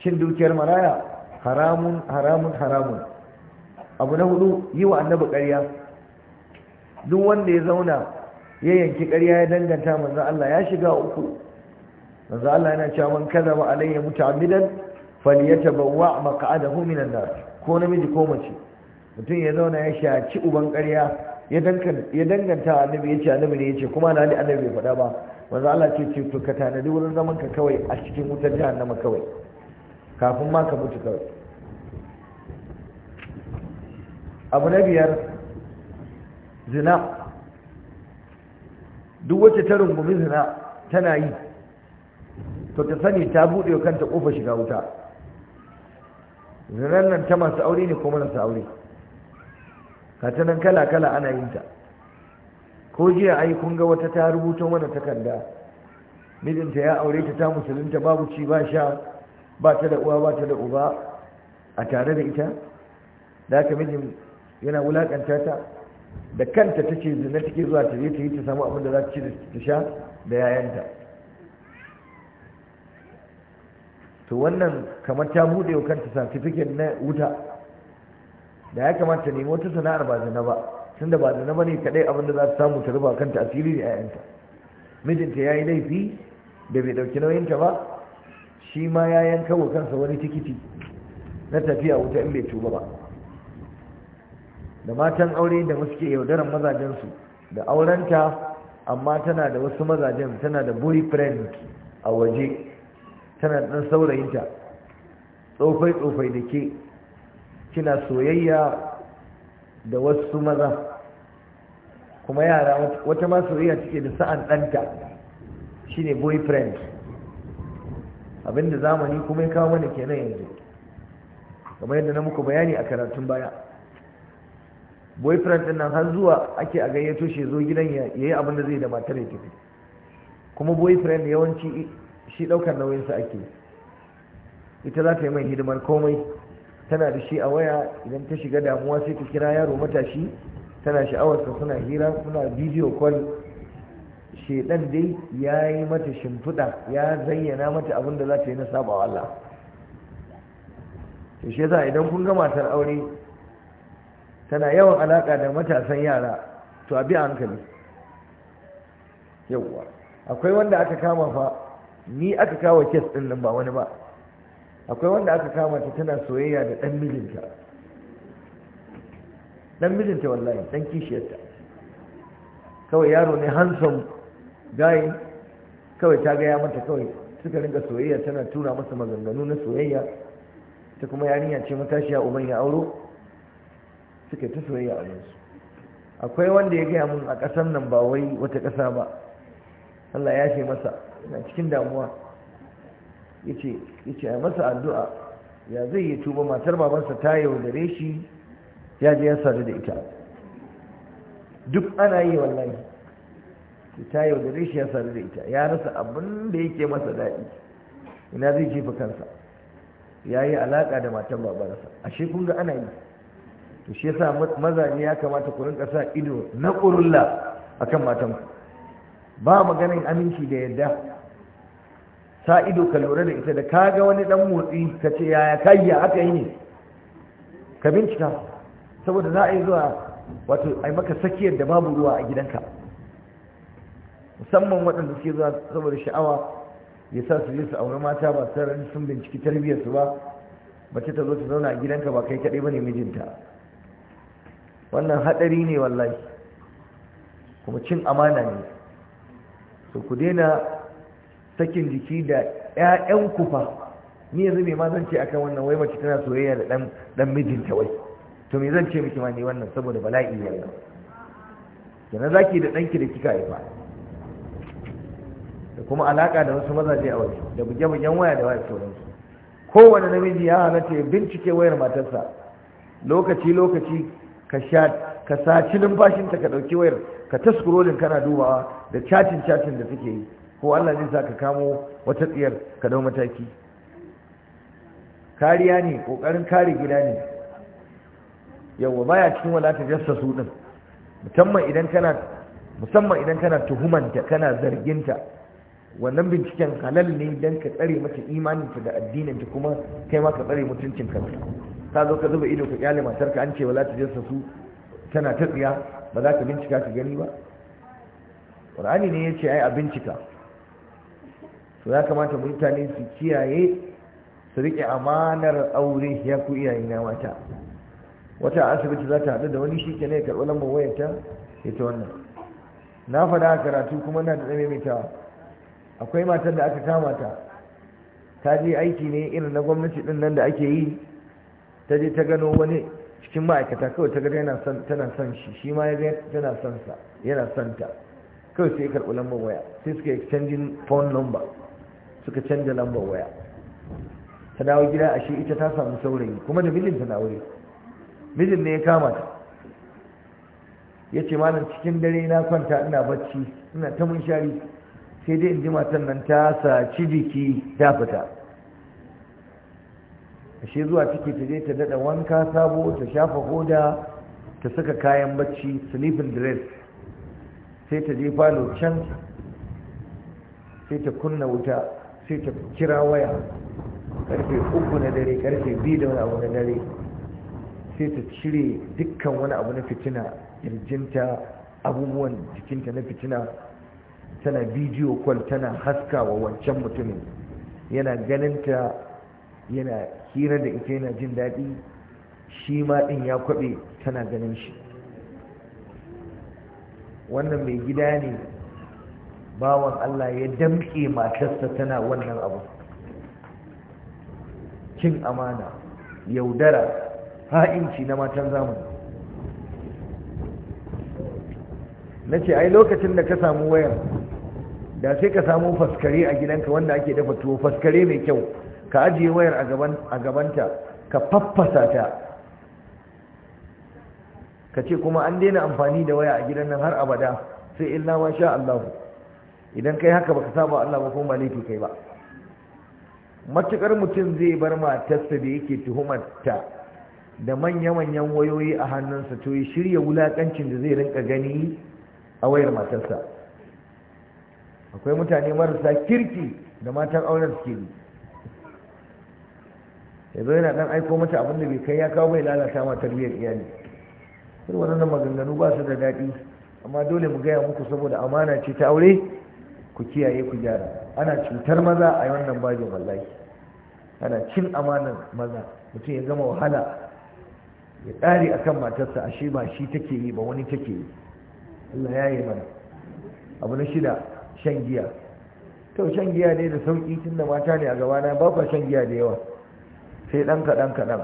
cin dukiyar maraya haramun haramun haramun abu na hudu yi wa annabi ƙarya duk wanda ya zauna ya yanki ƙarya ya danganta manzo Allah ya shiga uku manzo Allah yana cewa man ba alayya muta'ammidan falyatabawwa maq'adahu minan nar ko namiji ko mace mutum ya zauna ya shaci uban ƙarya ya danganta annabi ya ce annabi ne ya ce kuma na annabi bai faɗa ba manzo Allah ce ce to ka tanadi wurin zaman ka kawai a cikin wutar jahannama kawai kafin ma ka mutu kawai abu na biyar zina duk wacce ta rungumi zina tana yi to ta sani ta buɗe wa kanta ƙofa shiga wuta zinan nan ta masu aure ne ko marasa aure nan kala-kala ana yin ta ko jiya ai kun ga wata ta rubuto mana takarda mijinta ya aure ta ta musulunta babu ci ba sha ba ta da uwa ba ta da uba a tare da ita da aka mijin yana wulaƙanta ta da kanta ta ce zina take zuwa ta ta yi ta samu abin da za ta ci ta sha da yayanta to wannan kamar ta bude wa kanta certificate na wuta da ya kamata ta nemi wata sana'ar ba zina ba tunda ba zina ba ne kaɗai abin da za ta samu ta rufa kanta asiri da yayanta mijinta ya yi laifi da bai ɗauki nauyinta ba shi ma ya yanka wa kansa wani tikiti na tafiya wuta in bai tuba ba da matan aure da suke yaudaran mazajensu da aurenta amma tana da wasu mazajen tana da boyfriend a waje tana dan saurayinta tsofai-tsofai da ke kina soyayya da wasu maza kuma yara wata ma soyayya cike da sa'an ɗanta shine boyfriend abinda zamani kuma ya kawo mana kenan yanzu kamar yadda na muku bayani a karatun baya boyfriend din nan har zuwa ake a gayyato shi zo gidan ya yi abin da zai da matar ya tafi kuma boyfriend yawanci shi daukar nauyin sa ake ita za ta yi mai hidimar komai tana da shi a waya idan ta shiga damuwa sai ta kira yaro matashi tana sa suna hira suna bidiyo call shedan dai ya yi mata shimfiɗa ya zayyana mata abin da za ta yi na sabawa Allah yaushe shi yasa idan kun ga matar aure tana yawan alaka da matasan yara to a bi hankali yawwa akwai wanda aka kama fa ni aka kawo kes din nan ba wani ba akwai wanda aka kama ta tana soyayya da dan mijinta dan mijinta wallahi dan kishiyarta kawai yaro ne hansom gayi kawai ta gaya mata kawai suka ringa soyayya tana tura masa maganganu na soyayya ta kuma yarinya ce matashiya uban ya auro suka ta soyayya a yansu akwai wanda ya gaya mun a ƙasar nan ba wai wata ƙasa ba Allah ya ce masa na cikin damuwa ya ce a masa addu'a ya zai yi tuba matar babansa ta yaudare shi ya je ya sadu da ita duk ana yi wallahi ta yaudare shi ya sadu da ita ya rasa abin da yake masa daɗi ina zai jefa kansa ya yi alaƙa da matan babarsa, ashe kun ga ana yi to shi yasa ne ya kamata ku rinka sa ido na kurulla akan matan ku? ba maganin aminci da yadda sa ido ka lura da ita da kaga wani dan motsi ka ce yaya kayya aka yi ne ka bincika saboda za a yi zuwa wato ai maka sakiyar da babu ruwa a gidanka musamman waɗanda suke zuwa saboda sha'awa ya sa su je su aure mata ba sai sun binciki tarbiyyarsu ba mace ta zo ta zauna a gidanka ba kai kaɗai ba ne mijinta wannan hadari ne wallahi kuma cin amana ne so ku daina sakin jiki da ƴaƴan ku fa ni yanzu mai ma zan ce akan wannan wai mace tana soyayya da dan dan mijinta wai to me zan ce miki ma ne wannan saboda bala'i ne wannan kenan zaki da danki da kika yi fa da kuma alaka da wasu mazaje a waje da buge-bugen waya da waya sauransu kowane namiji ya halatta ya bincike wayar matarsa lokaci-lokaci ka sa cilin saci numfashinta ka ɗauki wayar ka ta scrolling kana dubawa da cacin cacin da take yi ko Allah zai sa ka kamo wata tsiyar ka dau mataki kariya ne ƙoƙarin kare gida ne yawa baya cikin wala ta su din musamman idan kana musamman idan kana tuhumanta kana zarginta wannan binciken halal ne don ka tsare mata imaninta da addininta kuma kai ma ka tsare mutuncin kanka ka zo ka zuba ido ka kyale matar ka an ce wala je su tana ta tsiya ba za ka bincika ka gani ba qur'ani ne yace ai a bincika to ya kamata mutane su kiyaye su rike amanar aure ya ku iyaye na mata wata asibiti za ta haɗu da wani shi ke ya karɓi lambar wayarta ta wannan na faɗa karatu kuma na da maimaitawa akwai matar da aka kama ta ta je aiki ne irin na gwamnati ɗin nan da ake yi ta je ta gano wani cikin ma'aikata kawai ta gano tana son shi shi ma ya tana son sa yana son ta kawai sai karɓi lambar waya sai suka exchanging phone number suka canja lambar waya ta dawo gida ashe ita ta samu saurayi kuma da mijinta na aure mijin ne ya kama ta ya ce malam cikin dare na kwanta ina bacci ina ta munshari sai dai in ji matan nan ta saci jiki ta fita ashe zuwa ciki ta je ta dada wanka sabo ta shafa hoda ta saka kayan bacci sleeping dress sai ta je falo can sai ta kunna wuta sai ta kira waya karfe uku na dare karfe biyu da wani abu na dare sai ta cire dukkan wani abu na fitina yarjinta abubuwan jikinta na fitina tana bidiyo kwal tana haska wa wancan mutumin yana ganinta yana hira da ita yana jin daɗi shi ma ɗin ya kwaɓe tana ganin shi wannan mai gida ne bawan Allah ya damƙe matarsa tana wannan abu cin amana yaudara ha'inci na matan zamani na ce ai lokacin da ka samu wayar da sai ka samu faskare a gidanka wanda ake dafa tuwo faskare mai kyau ka ajiye wayar a gabanta ka faffasa ta ka ce kuma an daina amfani da waya a gidan nan har abada sai illa ma sha Allah idan kai haka baka saba Allah ba ko laifi kai ba matukar mutum zai bar matarsa da yake tuhumarta da manya-manyan wayoyi a hannunsa to ya shirya wulakancin da zai rinka gani a wayar matarsa akwai mutane marasa kirki da matan auren suke yi ya zo yana dan aiko mata abin da bai kai ya kawo bai lalata ma tarbiyyar iyali sai waɗannan maganganu ba su da daɗi amma dole mu gaya muku saboda amana ce ta aure ku kiyaye ku gyara ana cutar maza a wannan bajin wallahi ana cin amanar maza mutum ya gama wahala ya ƙare akan matarsa ashe ba shi take yi ba wani take yi Allah ya yi mana abu na shida shan giya to shan giya ne da sauƙi tunda mata ne a gabana ba ku shan giya da yawa sai ɗan kaɗan kaɗan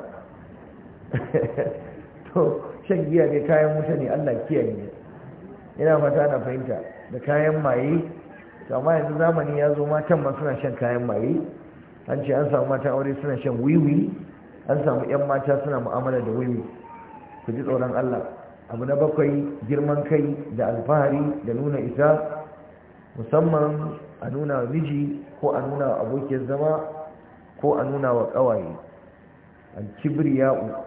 to shan giya ne kayan wuta ne allah kiyaye ne ina fata na fahimta da kayan maye amma yanzu zamani ya zo matan ma suna shan kayan maye an ce an samu mata aure suna shan wiwi an samu 'yan mata suna mu'amala da wiwi ku ji tsoron allah abu na bakwai girman kai da alfahari da nuna isa musamman a nuna miji ko a nuna abokin zama ko a nuna wa ƙawaye الكبرياء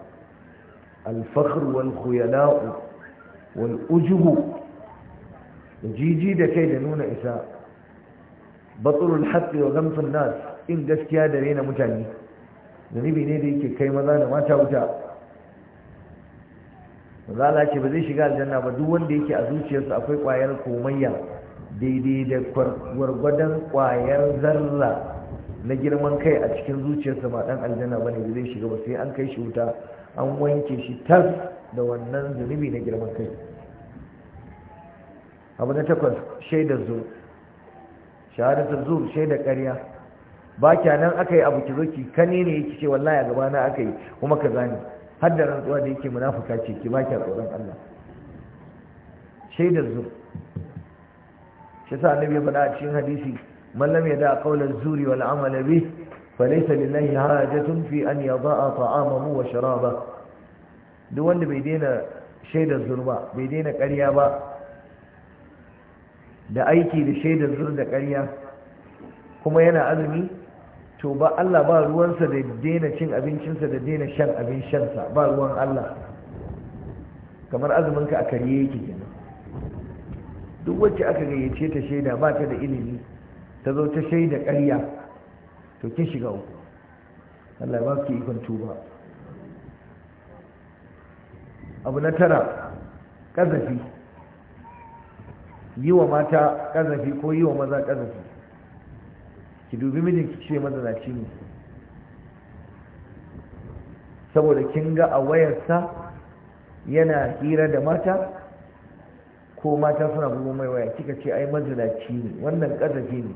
الفخر da kai da nuna isa. دنون إساء بطل الحق وغمط الناس إن قسكيا درينا متاني zunubi ne da yake kai maza da mata wuta maza Allah ba zai shiga aljanna ba duk wanda yake a zuciyarsa akwai kwayar komayya daidai da gwargwadon kwayar zalla. na girman kai a cikin zuciyarsa ba dan aljanna bane da zai shiga ba sai an kai shi wuta an wanke shi tas da wannan zunubi na girman kai abu na takwas shaidar zur shahadatar zur shaidar ƙarya ba kya, nan aka yi abu zo ki kane ne yake ce wallahi a gaba na aka yi kuma ka zani har da rantsuwa da yake munafuka ce ki ba kya tsoron Allah shaidar zur shi sa annabi ya faɗa a cikin hadisi من لم يدع قول الزور والعمل به فليس لله حاجة في أن يضاء طعامه وشرابه دون بيدينا shaidar zur ba bai daina ƙarya ba da aiki da shaidar zur da ƙarya kuma yana azumi to ba Allah ba ruwansa da daina cin abincinsa da daina shan abin shansa ba ruwan Allah kamar azuminka a karye yake kenan duk wacce aka gayyace ta shaida ba ta da ilimi ta zo ta shaida ƙarya to kin shiga uku Allah ba su ikon tuba abu na tara ƙazafi yi wa mata ƙazafi ko yi wa maza ƙazafi ki dubi mijinki ce mazanaci ne saboda kin ga a wayarsa yana hira da mata ko mata suna bugun mai waya kika ce ai mazinaci ne wannan ƙazafi ne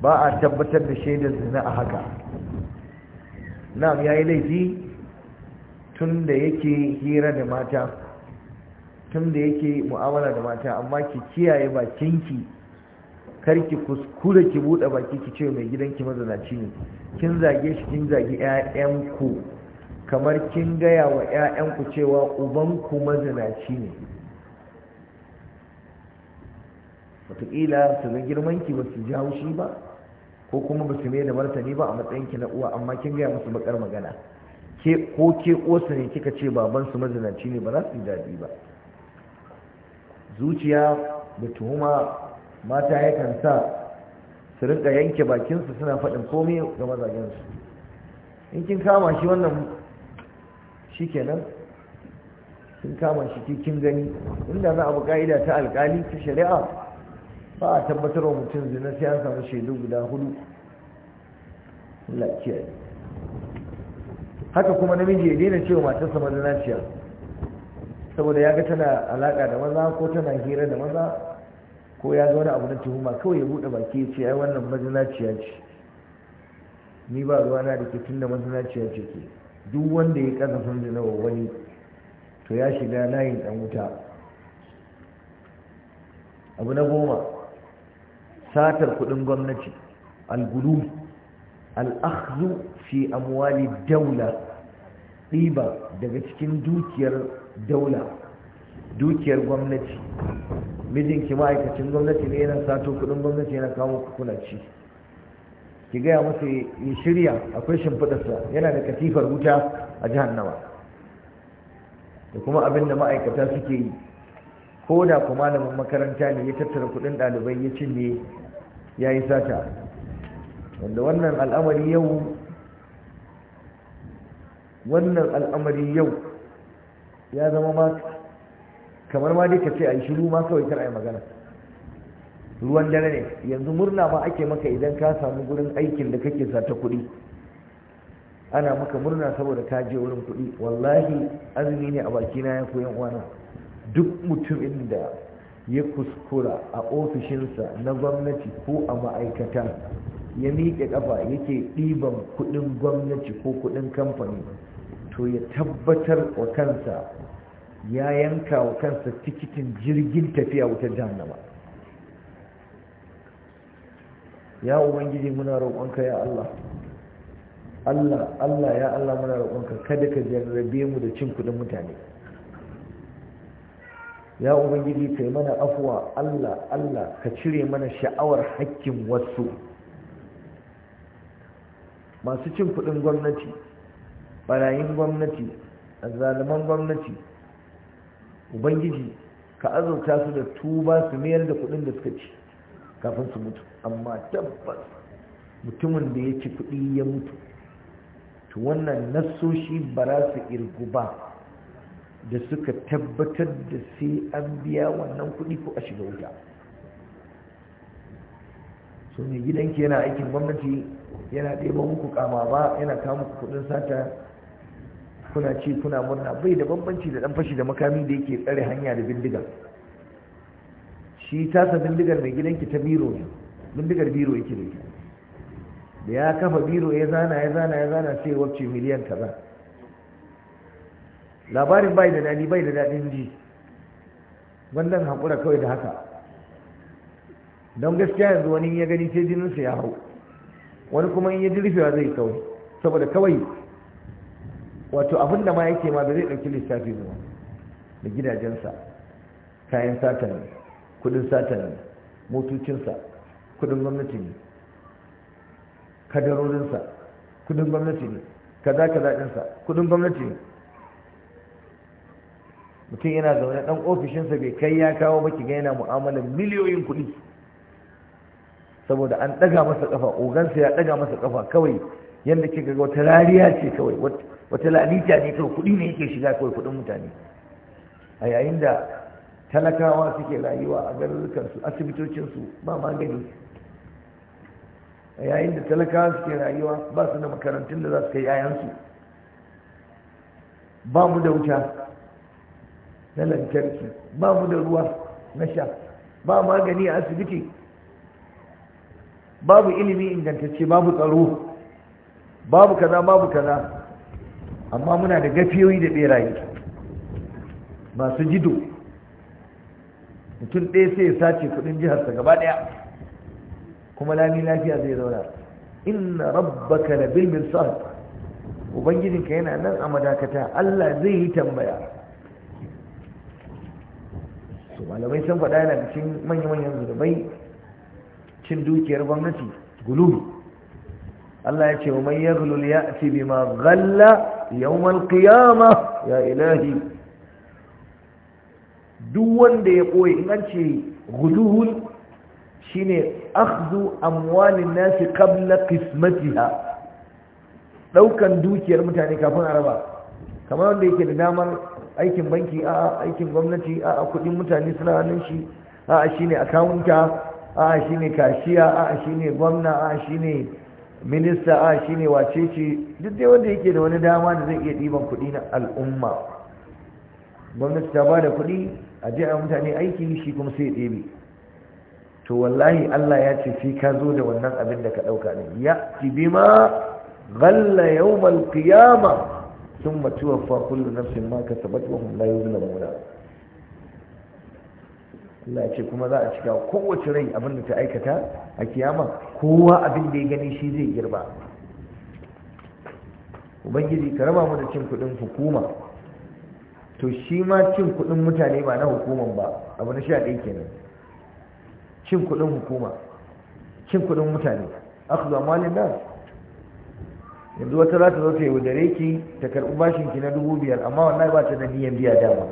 ba a tabbatar da shaidar zina a haka ya yi laifi tun da yake hira da mata tun da yake mu'amala da mata amma ki kiyaye bakinki kar ki kuskure ki bude baki ki ce mai gidanki mazanaci ne kin zage shi kin zage ƴaƴanku kamar kin gaya wa ƴaƴanku cewa ubanku mazanaci ne wataƙila su ga girmanki ba su ji haushi ba ko kuma ba su mai da martani ba a matsayinki na uwa amma kin gaya musu bakar magana ke ko ke uwarsa ne kika ce baban su mazinaci ne ba za su yi daɗi ba zuciya da tuhuma mata yakan sa su rinka yanke bakinsu suna faɗin komai ga mazajensu in kin kama shi wannan shi kenan kin kama shi kin gani inda za a bi ka'ida ta alƙali ta shari'a ba a wa mutum zina sai an samu shaidu guda hudu lafiya haka kuma namiji ya daina cewa matarsa mazinaciya saboda ya ga tana alaka da maza ko tana hira da maza ko ya zo wani abu na tuhuma kawai ya buɗe baki ya ce ai wannan mazinaciya ce ni ba na da ke tun da mazinaciya ce ke duk wanda ya sun zina wa wani to ya shiga layin ɗan wuta abu na goma satar kuɗin gwamnati algulu al'akhzu fi amwali daula ɗiba daga cikin dukiyar daula dukiyar gwamnati mijinki ma'aikacin gwamnati ne yana sato kuɗin gwamnati yana kawo kulaci ki gaya masa ya shirya akwai shimfiɗarsa yana da katifar wuta a jihannama da kuma abin da ma'aikata suke yi ko da kuma malamin makaranta ne ya tattara kuɗin ɗalibai ya cinye ya yi sata wanda wannan al'amari yau wannan al'amari yau ya zama ma kamar ma dai ka ce a yi shiru ma kawai kar a yi magana ruwan dare ne yanzu murna ma ake maka idan ka samu gurin aikin da kake sata kuɗi ana maka murna saboda ka je wurin kuɗi wallahi azumi ne a bakina ya koyan uwana duk mutum inda. ya kuskura a ofishinsa na gwamnati ko a ma'aikata ya miƙe ƙafa yake ɗiban kuɗin gwamnati ko kuɗin kamfani to ya tabbatar wa kansa ya yanka wa kansa tikitin jirgin tafiya wutar jahannama ya ubangiji muna roƙonka ya Allah Allah Allah ya Allah muna roƙonka kada ka jarrabe mu da cin kuɗin mutane ya ubangiji kai mana afuwa Allah Allah ka cire mana sha'awar hakkin wasu masu cin kudin gwamnati barayin gwamnati zaluman gwamnati ubangiji ka azurta su da tuba su mayar da kudin da suka ci kafin su mutu amma tabbas mutumin da ya ci kudi ya mutu to wannan nasoshi ba za su irgu ba da suka tabbatar da sai an biya wannan kuɗi ko a shiga wuta so mai gidanki yana aikin gwamnati yana ɗebo muku kama ba yana kawo muku kuɗin sata kuna ci kuna murna bai da bambanci da ɗan fashi da makami da yake tsare hanya da bindiga shi tasa bindigar mai gidanki ta biro ne bindigar biro yake da ita da ya kafa biro ya zana ya zana ya zana sai wacce miliyan kaza labarin bai da dadi bai da dadin ji wannan haƙura kawai da haka don gaskiya yanzu wani ya gani sai jininsa ya hau wani kuma in ya ji wa zai kawai saboda kawai wato abin da ma yake ma da zai ɗauki lissafi zuwa da gidajensa kayan sata kudin sata ne motocinsa kudin gwamnati ne kadarorinsa kudin gwamnati ne kaza kaza ɗinsa kudin gwamnati ne mutum yana zaune ɗan ofishinsa bai kai ya kawo maki ga yana mu'amalar miliyoyin kuɗi saboda an ɗaga masa ƙafa ogansa ya ɗaga masa ƙafa kawai yadda kika ga wata rariya ce kawai wata lalita ne kawai kuɗi ne yake shiga kawai kuɗin mutane a yayin da talakawa suke rayuwa a garurukansu asibitocinsu ba magani a yayin da talakawa suke rayuwa ba su da makarantun da za su kai 'ya'yansu ba mu da wuta na lantarki ba mu da ruwa na sha ba magani a asibiti babu ilimi ingantacce babu tsaro babu kaza babu kaza amma muna da gafiyoyi da beraye masu jido mutum ɗaya sai ya sace kudin jiharsa gaba ɗaya kuma lami lafiya zai zauna inna rabbaka labil mirsad ubangijinka yana nan a madakata Allah zai yi tambaya malamai sun faɗa yana cikin manya-manyan zurbai cin dukiyar gwamnati gulubi Allah ya ce wa mai fi yaghlul ya'ti ma. Galla yawmal qiyamah ya ilahi duk wanda ya koyi in an ce ghulul shine akhdhu amwalin nasi qabla qismatiha Ɗaukan dukiyar mutane kafin a raba kamar wanda yake da damar aikin banki a aikin gwamnati a kudin mutane suna hannun shi a shi ne akawunta a shi ne kashiya a shi ne gwamna a shi ne minista a shi ne wacece duk dai wanda yake da wani dama da zai iya ɗiban kuɗi na al'umma gwamnati ta ba da kuɗi a je a mutane aiki shi kuma sai ɗebe to wallahi Allah ya ce sai ka zo da wannan abin da ka ɗauka ne ya ci bima ghalla yawmal qiyamah ثم توفى كل نفس ما كسبت وهم لا يظلمون Allah ya ce kuma za a cika kowace rai abin da ta aikata a kiyama kowa abin da ya gani shi zai girba ubangiji ka raba mu da cin kuɗin hukuma to shi ma cin kuɗin mutane ba na hukuman ba abu na sha ɗaya kenan cin kuɗin hukuma cin kuɗin mutane akhdhu amalin nas yanzu wata za ta zo ta yi wadare ki ta karɓi bashin ki na dubu biyar amma wannan ba ta da niyan biya dama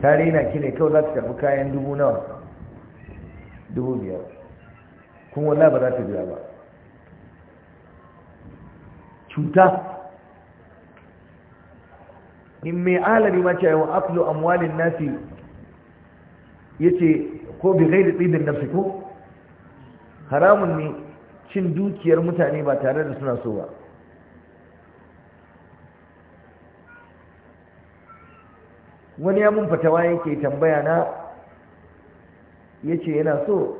ta rena ki ne kawai za ta karɓi kayan dubu nawa dubu biyar kuma wallahi ba za ta biya ba cuta in mai alami ma ce yawan aklo amwalin nasi ya ce ko bi gaida tsibin na ko haramun ne cin dukiyar mutane ba tare da suna so ba wani ya mun fatawa yake tambaya na yace yana so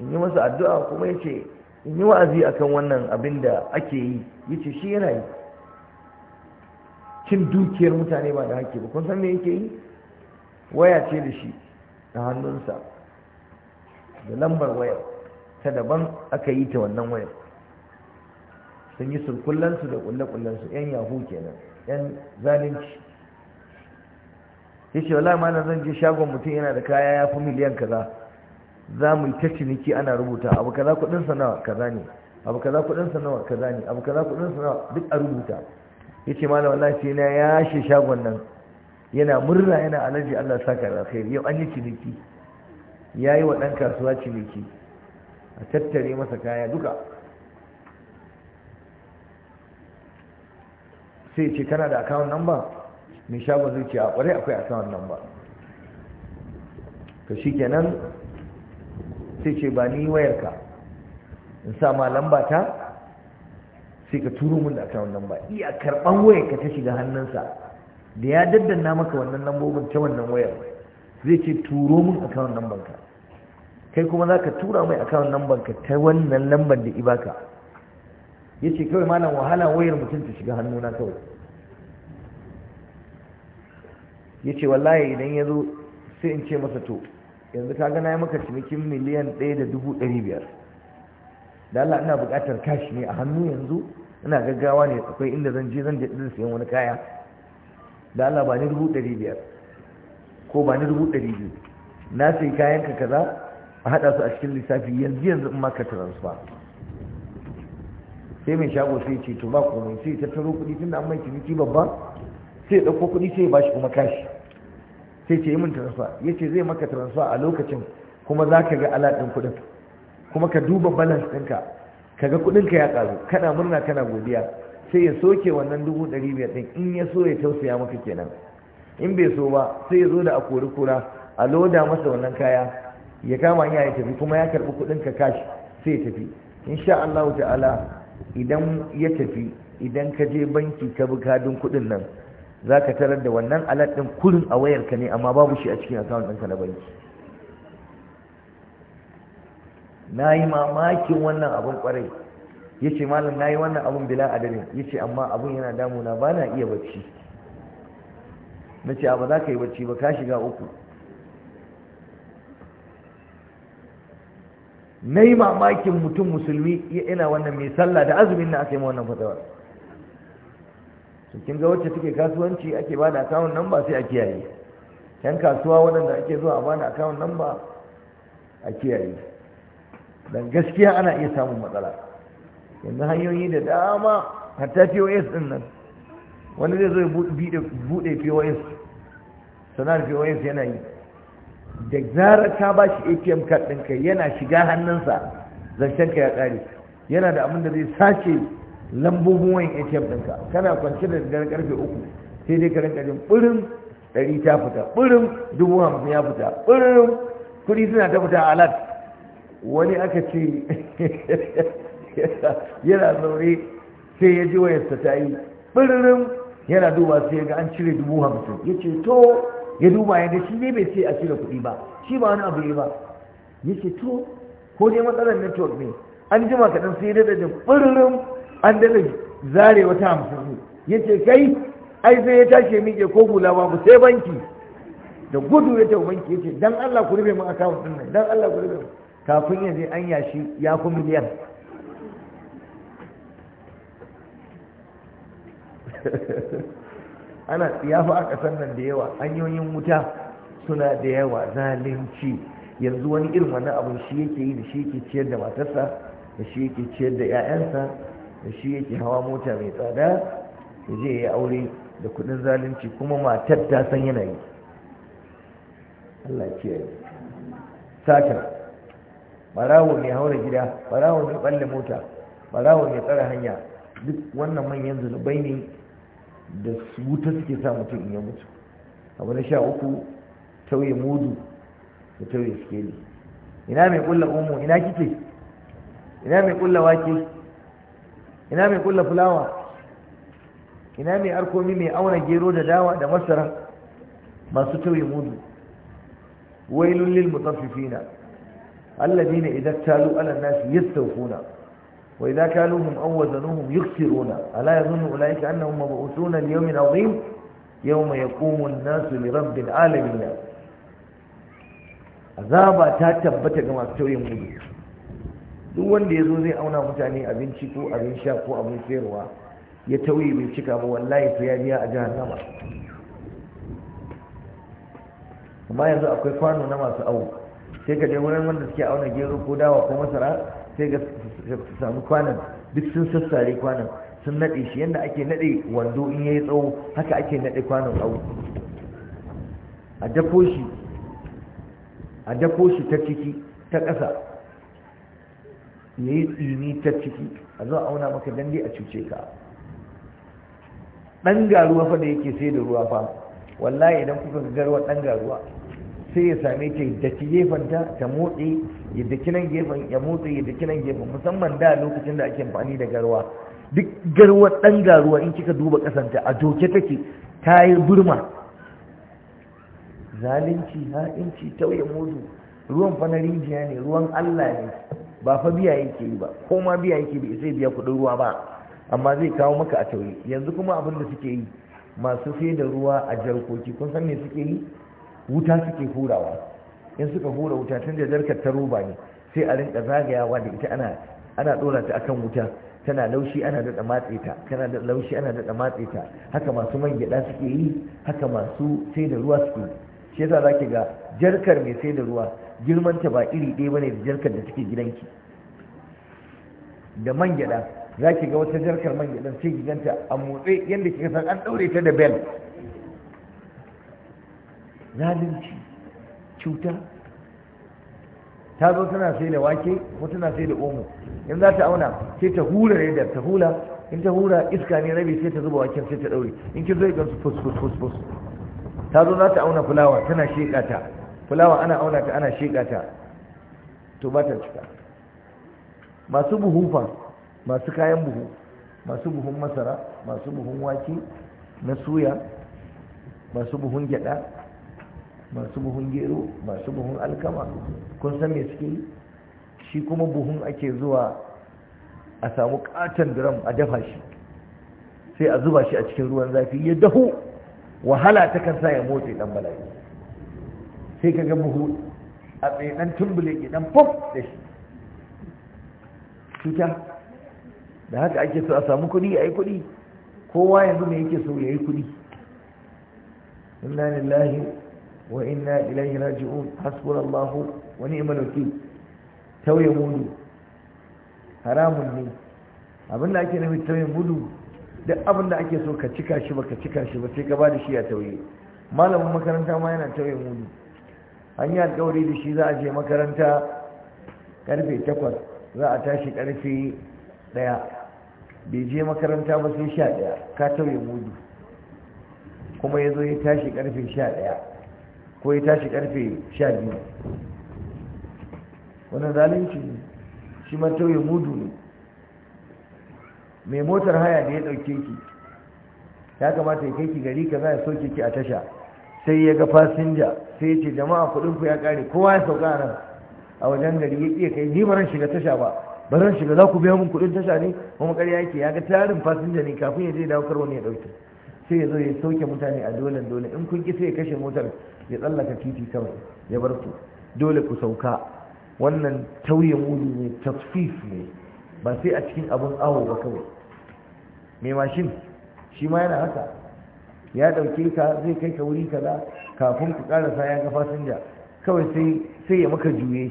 in yi masa addu'a kuma yace in yi wa'azi akan wannan abin da ake yi yace shi yana yi cin dukiyar mutane ba da haƙƙi ba kun san me yake yi waya ce da shi a hannunsa da lambar wayar ta daban aka yi ta wannan wayar sun yi sulkullansu da kulle-kullensu 'yan yahu kenan 'yan zalunci ya ce wala malam zan je shagon mutum yana da kaya ya fi miliyan kaza za mu ta ciniki ana rubuta abu kaza kudin sa nawa kaza ne abu kaza kudin sa nawa kaza ne abu kaza kudin sa nawa duk a rubuta ce malam wallahi sai na shi shagon nan yana murna yana alaji Allah saka da alkhairi yau an yi ciniki yayi wa dan kasuwa ciniki a tattare masa kaya duka sai ce kana da account number mai shagon zai ce a kwarai akwai a saman nan ba ka shi kenan sai ce ba ni wayarka in sa ma lamba ta sai ka turo mun da akawun lamba iya karban wayarka ta shiga hannunsa da ya daddanna maka wannan lambobin ta wannan wayar zai ce turo mun akawun ka kai kuma za ka tura mai akawun ka ta wannan lambar da ibaka ya ce kawai malam wahala wayar mutum ta shiga hannuna kawai ya ce wallahi idan ya zo sai in ce masa to yanzu ka gana ya maka cinikin miliyan ɗaya da dubu ɗari biyar da Allah ina buƙatar kashi ne a hannu yanzu ina gaggawa ne akwai inda zan je zan jaɗi siyan wani kaya da Allah ba ni dubu ɗari biyar ko ba ni dubu ɗari biyu na sai kayan ka kaza a haɗa su a cikin lissafi yanzu yanzu in maka transfer sai mai shago sai ce to ba komai sai tattaro kuɗi tun da an mai ciniki babba sai ɗauko kuɗi sai ba shi kuma kashi sai ce yi min transfer ya ce zai maka transfer a lokacin kuma za ka ga alaɗin kuɗin kuma ka duba balance ɗinka ka ga kuɗinka ya ƙaru kana murna kana godiya sai ya soke wannan dubu ɗari biyar ɗin in ya so ya tausaya maka kenan in bai so ba sai ya zo da a akori kura a loda masa wannan kaya ya kama ya ya tafi kuma ya karɓi kuɗinka kashi sai ya tafi insha Allah ta'ala idan ya tafi idan ka je banki ka bi kadin kuɗin nan za ka tarar da wannan alat ɗin kurin a wayarka ne amma babu shi a cikin akawun ɗinka na banki na yi mamakin wannan abin kwarai, ya ce malam na yi wannan abin bila adadin ya ce amma abin yana damuna ba na iya bacci na ce abu za ka yi bacci ba ka shiga uku na yi mamakin mutum musulmi ina wannan mai sallah da azumin na aka yi wannan fatawar to kin ga wacce take kasuwanci ake ba da account number sai a kiyaye yan kasuwa waɗanda ake zuwa a bani account number a kiyaye dan gaskiya ana iya samun matsala yanzu hanyoyi da dama hatta POS din nan wani zai zo ya buɗe POS sanar POS yana yi da zarar ka ba shi ATM card ɗinka yana shiga hannunsa zancen ka ya ƙare yana da abin da zai sace lambobin wayan atm ɗinka kana kwanci da daddare karfe uku sai dai ka rinka ɓirin ɗari ta fita ɓirin dubu hamsin ya fita ɓirin kuɗi suna ta fita alat wani aka ce yana zaune sai ya ji wayarsa ta yi ɓirin yana duba sai ga an cire dubu hamsin ya ce to ya duba ya shi ne bai sai a cire kuɗi ba shi ba wani abu ne ba ya ce to ko dai matsalar network ne an jima kaɗan sai ya daɗa jin ɓirin an daɗa zare wata hamsin ya ce kai ai sai ya tashi mike ko hula babu sai banki da gudu ya tafi banki ya ce dan Allah ku rufe mu akawun ɗin nan dan Allah ku rufe mu kafin yanzu an yashi ya ku miliyan ana tsiyafa a ƙasar nan da yawa hanyoyin wuta suna da yawa zalunci yanzu wani irin wannan abin shi yake yi da shi yake ciyar da matarsa da shi yake ciyar da 'ya'yansa da shi yake hawa mota mai tsada ya je ya aure da kudin zalunci kuma matar ta san yana yi Allah ce satar barawo mai haura gida barawo mai balle mota barawo mai tsara hanya duk wannan manyan zunubai ne da wuta suke sa mutum in ya mutu abu na sha uku tauye mudu da tauye sikeli ina mai kulla umu ina kike ina mai kulla wake ina mai kulla fulawa ina mai arkomi mai auna gero da dawa da masara masu tauye mudu wailun lil mutaffifina alladhina idza talu ala an-nas yastawfuna wa idza kaluhum aw wazanuhum yukhsiruna ala yadhunnu ulaika annahum mab'uthuna li 'azim yawma yaqumu an-nasu li rabbil 'alamin azaba ta tabbata ga masu tauye mudu duk wanda ya zo zai auna mutane abinci ko abin sha ko abin sayarwa ya tauye bai cika ba wallahi sai ya biya jihar nama amma yanzu akwai kwano na masu awo sai ka wurin wanda suke auna gero ko dawa ko masara sai su samu kwanan duk sun sassare kwanan sun naɗe shi yadda ake naɗe wando in ya yi tsawo haka ake naɗe kwanan awo a dafo shi a dafo shi ta ciki ta ƙasa ya yi tsini ta ciki a zo auna maka dande a cuce ka ɗan garuwa fa da yake sai da ruwa fa wallahi idan kuka ga garwa ɗan garuwa sai ya same ta daki gefenta ta motsi ya daki nan gefen ya motsi ya daki nan gefen musamman da lokacin da ake amfani da garwa duk garuwa ɗan garuwa in kika duba kasanta a doke take ta yi burma zalunci ha'inci tauye mudu ruwan fa na rijiya ne ruwan allah ne ba fa biya yake yi ba ko ma biya yake bai sai biya kudin ruwa ba amma zai kawo maka a tauri yanzu kuma abin da suke yi masu sai da ruwa a jarkoki kun san me suke yi wuta suke hurawa in suka hura wuta tun da jarkar ta roba ne sai a rinka zagayawa da ita ana ana dora ta akan wuta tana laushi ana daɗa matse ta tana da laushi ana daɗa matse ta haka masu man gyaɗa suke yi haka masu sai da ruwa suke yi shi yasa za ki ga jarkar mai sai da ruwa girmanta ba iri ɗaya bane da jarkar da take gidanki da man gyaɗa za ki ga wata jarkar man gyaɗan sai ki ganta a motsi yadda kika san an ɗaure ta da bel zalunci cuta ta zo tana sai da wake ko tana sai da omo in za ta auna sai ta hura da ta hula in ta hura iska ne rabi sai ta zuba waken sai ta ɗaure in kin zo ya gansu fus fus fus fus ta zo za ta auna fulawa tana shekata fulawa ana auna ta ana shekata ta to ba ta cika masu buhu masu kayan buhu masu buhun masara masu buhun wake na suya masu buhun gyada masu buhun gero masu buhun alkama kun san me suke shi kuma buhun ake zuwa a samu katon drum a dafa shi sai a zuba shi a cikin ruwan zafi ya dahu wahala ta kan sa ya motsi dan bala'i sai ka ga buhu a tsaye dan tumbule ke dan pop da shi cuta da haka ake so a samu kuɗi a yi kuɗi kowa yanzu ne yake so ya yi kuɗi inna lillahi wa inna ilaihi raji'un hasbunallahu wa ni'mal wakil tauye mudu haramun ne abin da ake nufi tauye mudu duk abin da ake so ka cika shi ba ka cika shi ba sai ka ba da shi a tauye malamin makaranta ma yana tauye mudu an yi alkawari da shi za a je makaranta karfe takwas za a tashi karfe daya bai je makaranta ba sai sha daya ka tauye mudu kuma ya zo ya tashi karfe sha daya ko ya tashi karfe sha biyu wannan zalunci ne shi ma tauye mudu ne mai motar haya da ya ɗauke ki ya kamata ya kai ki gari ka za ya soke ki a tasha sai ya ga fasinja sai ya ce jama'a kuɗin ku ya kare, kowa ya sauka nan a wajen gari ya iya kai ni ba ran shiga tasha ba ba ran shiga za ku biya min kuɗin tasha ne kuma ƙarya ke ya ga tarin fasinja ne kafin ya je dawo kar wani ya ɗauke sai ya zo ya sauke mutane a dole dole in kun ki sai ya kashe motar ya tsallaka titi kawai ya bar ku dole ku sauka wannan tauye mudu ne tafsif ne ba sai a cikin abin awo ba kawai mai mashin shi ma yana haka ya ɗauke ka zai kai ka wuri kaza kafin ku ƙara ya ga fasinja kawai sai ya maka juye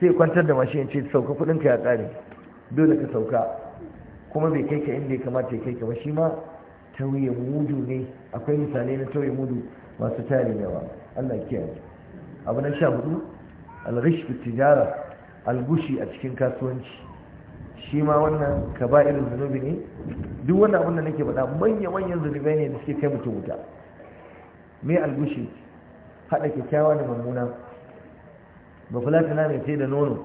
sai kwantar da mashin ce sauka kuɗin ka ya ƙare dole ka sauka kuma bai kai ka inda ya kamata ya kai ka ba shi ma tauye mudu ne akwai misalai na tauye mudu masu tarin yawa Allah kiyaye abu na sha hudu al-rishq tijara al-gushi a cikin kasuwanci shi ma wannan ka ba irin zunubi ne duk wannan abin da nake faɗa manya manyan zunubai ne da suke kai mutum wuta me algushi haɗa kyakkyawa da mummuna ba na mai da nono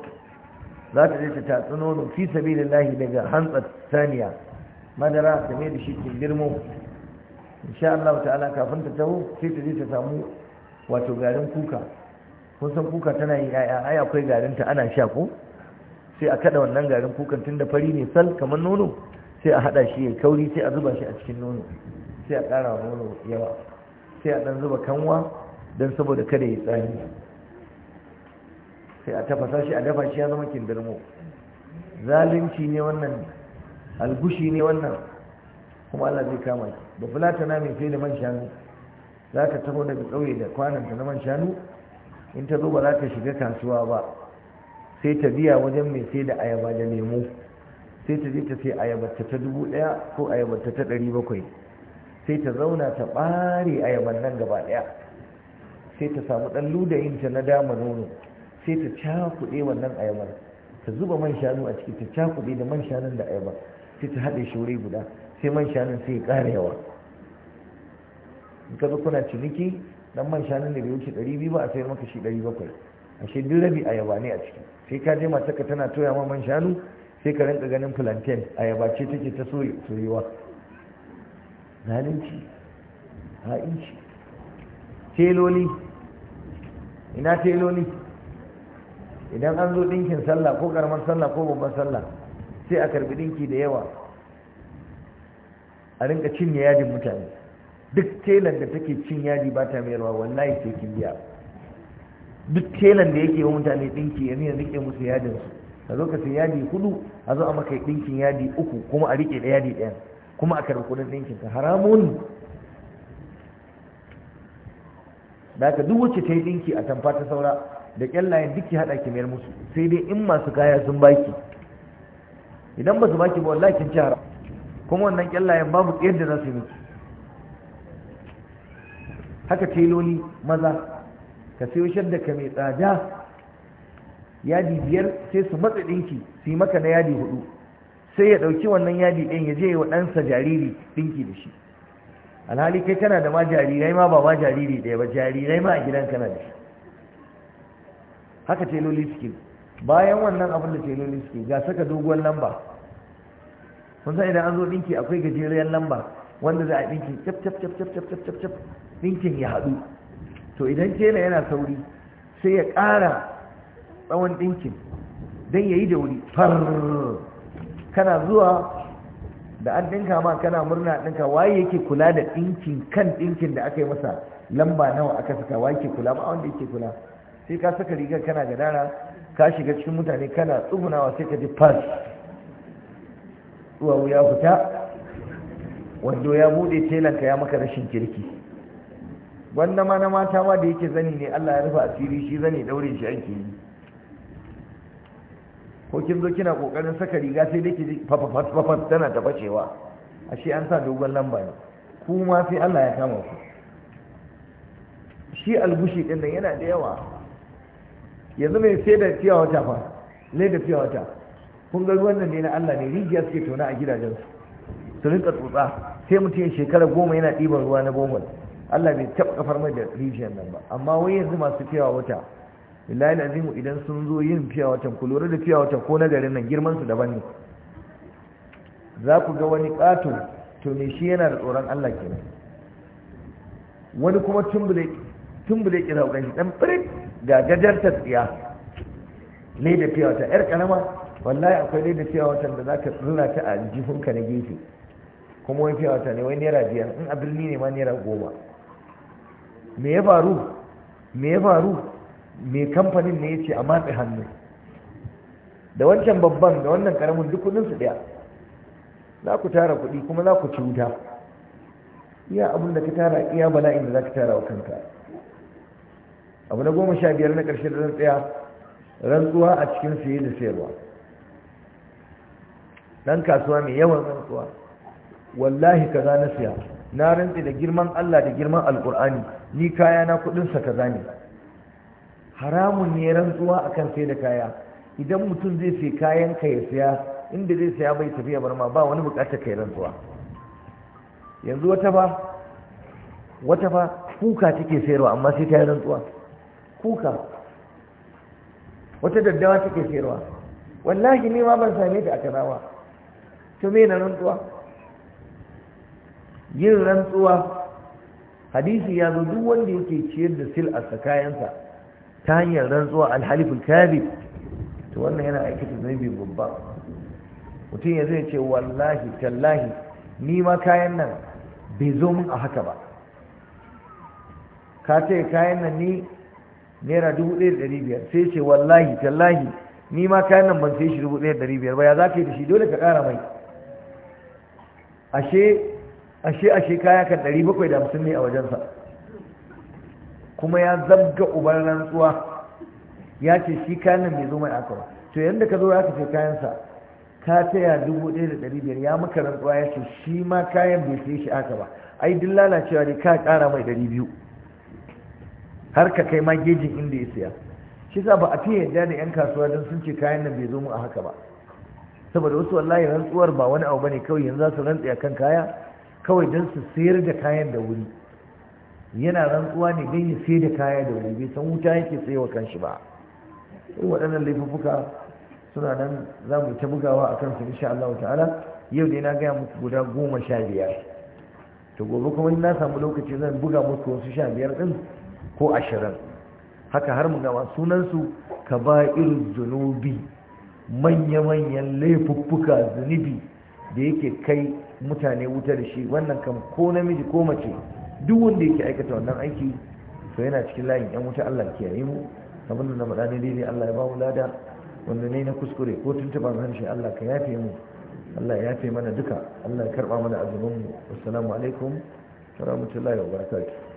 za ta je ta tatsi nono fi lahi daga hantsar saniya madara ta mai da shi kin girmo insha Allah ta'ala kafin ta taho sai ta je ta samu wato garin kuka kun san kuka tana yi yaya ai akwai garin ta ana sha ko sai a kada wannan garin kukan tun da fari ne sal kamar nono sai a hada shi ya kauri sai a zuba shi a cikin nono sai a kara nono yawa sai a dan zuba kanwa don saboda kada ya tsani sai a tafasa shi a dafa shi ya zama kindirmo zalunci ne wannan algushi ne wannan kuma Allah zai kama shi ba fulata na mai sai da man shanu za ta taho daga ƙauye da kwananta na man shanu in ta zo ba za ta shiga kasuwa ba sai ta biya wajen mai sai da ayaba da lemu sai ta je ta sai ayabarta ta dubu daya ko ayabarta ta dari bakwai sai ta zauna ta bare ayaban nan gaba daya sai ta samu ɗan ta na dama nono sai ta cakuɗe wannan ayabar ta zuba man shanu a ciki ta cakuɗe da man shanun da ayabar sai ta haɗe shure guda sai man shanun sai ya ƙara yawa in ka zo kuna ciniki dan man shanun da bai wuce ɗari biyu ba a sayar maka shi ɗari bakwai ashe duk rabi ayaba ne a ciki sai ka je mata ka tana toya ma man shanu sai ka rinka ganin plantain ayaba ce take ta soyewa zalunci ha'inci teloli ina teloli idan an zo ɗinkin sallah ko karamar sallah ko babban sallah sai a karbi ɗinki da yawa a rinka cinye yajin mutane duk telan da take cin yaji ba ta mayarwa wallahi sai kin biya duk telan da yake wa mutane ɗinki yanzu ya rike musu yadin su ka zo ka sai yadi hudu a zo a maka ɗinkin yadi uku kuma a rike da yadi ɗaya kuma a karɓi kuɗin ɗinkin ka haramun da ka duk wacce ta yi ɗinki a tamfa ta saura da ƙyallayen duk ki haɗa ki mayar musu sai dai in masu kaya sun baki idan ba su baki ba wallahi kin ci haram kuma wannan ƙyallayen babu tsayar da za su yi miki haka teloli maza ka sayo shadda ka mai tsada yadi biyar sai su matsa ɗinki su yi maka na yadi hudu sai ya ɗauki wannan yadi ɗin ya je wa ɗansa jariri ɗinki da shi alhali kai kana da ma jarirai ma ba ma jariri ɗaya ba jarirai ma a gidan kana da shi haka teloli suke bayan wannan abin da teloli suke ga saka doguwar lamba kun san idan an zo ɗinki akwai gajeriyar lamba wanda za a ɗinki cap cap cap cap cap cap cap ɗinkin ya haɗu to idan tela yana sauri sai ya ƙara tsawon ɗinkin don ya yi da wuri kana zuwa da an ɗinka ma kana murna ɗinka waye yake kula da ɗinkin kan ɗinkin da aka yi masa lamba nawa aka saka waye yake kula ba wanda yake kula sai ka saka rigar kana gadara ka shiga cikin mutane kana tsugunawa sai ka ji fas zuwa ya fita wando ya buɗe telanka ya maka rashin kirki wanda ma na mata ma da yake zani ne Allah ya rufe asiri shi zani daure shi ake yi ko kin zo kina kokarin saka riga sai dai ki fafafafaf tana ta bacewa ashe an sa dogon lamba ne ku ma sai Allah ya kama ku shi albushi din nan yana da yawa yanzu mai sai da fiya wata fa lai da fiya wata kun ga ruwan nan ne na Allah ne rigiya suke tona a gidajensu su rinka tsotsa sai mutum shekara goma yana ɗiban ruwa na goma Allah bai taɓa kafar mai da rijiyar nan ba amma wai yanzu masu fiyawa wata billahi azimu idan sun zo yin fiyawa watan ku lura da fiyawa watan ko na garin nan girman su daban ne za ku ga wani ƙato to me shi yana da tsoron Allah nan. wani kuma tumbule tumbule kira kan shi dan firin ga ta tsiya ne da fiyawa wata yar karama wallahi akwai ne da fiyawa watan da zaka tsira ta a jifinka na gefe kuma wani fiyawa wata ne wai naira biyar in a birni ne ma naira goma me ya faru me ya faru me kamfanin ne ya ce a matse hannu da wancan babban da wannan karamin duk kudinsu daya za ku tara kudi kuma za ku ci wuta iya abin da ka tara iya bala'in da za ka tara wa kanka abu na goma sha biyar na ƙarshe da zan tsaya rantsuwa a cikin siye da sayarwa Dan kasuwa mai yawan rantsuwa wallahi kaza na siya na rantse da girman Allah da girman alkur'ani ni kaya na kudin sa kaza ne haramun ne rantsuwa akan sai da kaya idan mutum zai sai kayan ka ya siya inda zai siya bai tafiya barma ba wani bukatar kai rantsuwa yanzu wata ba wata ba kuka take sayarwa amma sai ta yi rantsuwa kuka wata daddawa take sayarwa wallahi ni ma ban same ta a kanawa to me na rantsuwa yin rantsuwa hadisi ya zo duk wanda yake ciyar da sil'arsa kayansa ta hanyar rantsuwa alhalifin kabi to wannan yana aikata zunubi babba mutum ya zai ce wallahi tallahi ni ma kayan nan bai zo min a haka ba ka ce kayan nan ni naira dubu ɗaya da ɗari biyar sai ce wallahi tallahi ni ma kayan nan ban sai shi dubu ɗaya da ɗari biyar ba ya za ka yi da shi dole ka ƙara mai ashe ashe ashe kaya kan 750 ne a wajensa kuma ya zabga uban rantsuwa ya ce shi kayan mai zo mai aka ba to yadda ka zo ya ka ce kayansa ka taya 1,500 ya maka rantsuwa ya ce shi ma kayan bai sai shi aka ba ai duk lalacewa ne ka kara mai 200 har ka kai ma gejin inda ya siya shi sa ba a fiye yadda da 'yan kasuwa don sun ce kayan nan bai zo mu a haka ba saboda wasu wallahi rantsuwar ba wani abu bane kawai yanzu za su rantsi kan kaya kawai don su sayar da kayan da wuri yana rantsuwa ne don ya sayar da kayan da wuri bai san wuta yake wa kanshi ba irin waɗannan laifuffuka suna nan za mu ta bugawa a kansu insha Allah ta'ala yau dai na gaya musu guda goma sha biyar to gobe kuma na samu lokaci zan buga musu wasu sha biyar ɗin ko ashirin haka har mu gama sunansu ka ba irin zunubi manya-manyan laifuffuka zunubi da yake kai mutane wuta da shi wannan kam ko namiji ko mace duk wanda yake aikata wannan aiki to yana cikin layin yan wuta Allah kiyaye mu abin da na faɗa ne daidai Allah ya ba mu lada wanda ne na kuskure ko tuntuɓa hanshi Allah ka yafe mu Allah ya yafe mana duka Allah ya karɓa mana azumin mu assalamu alaikum wa rahmatullahi wa barakatuh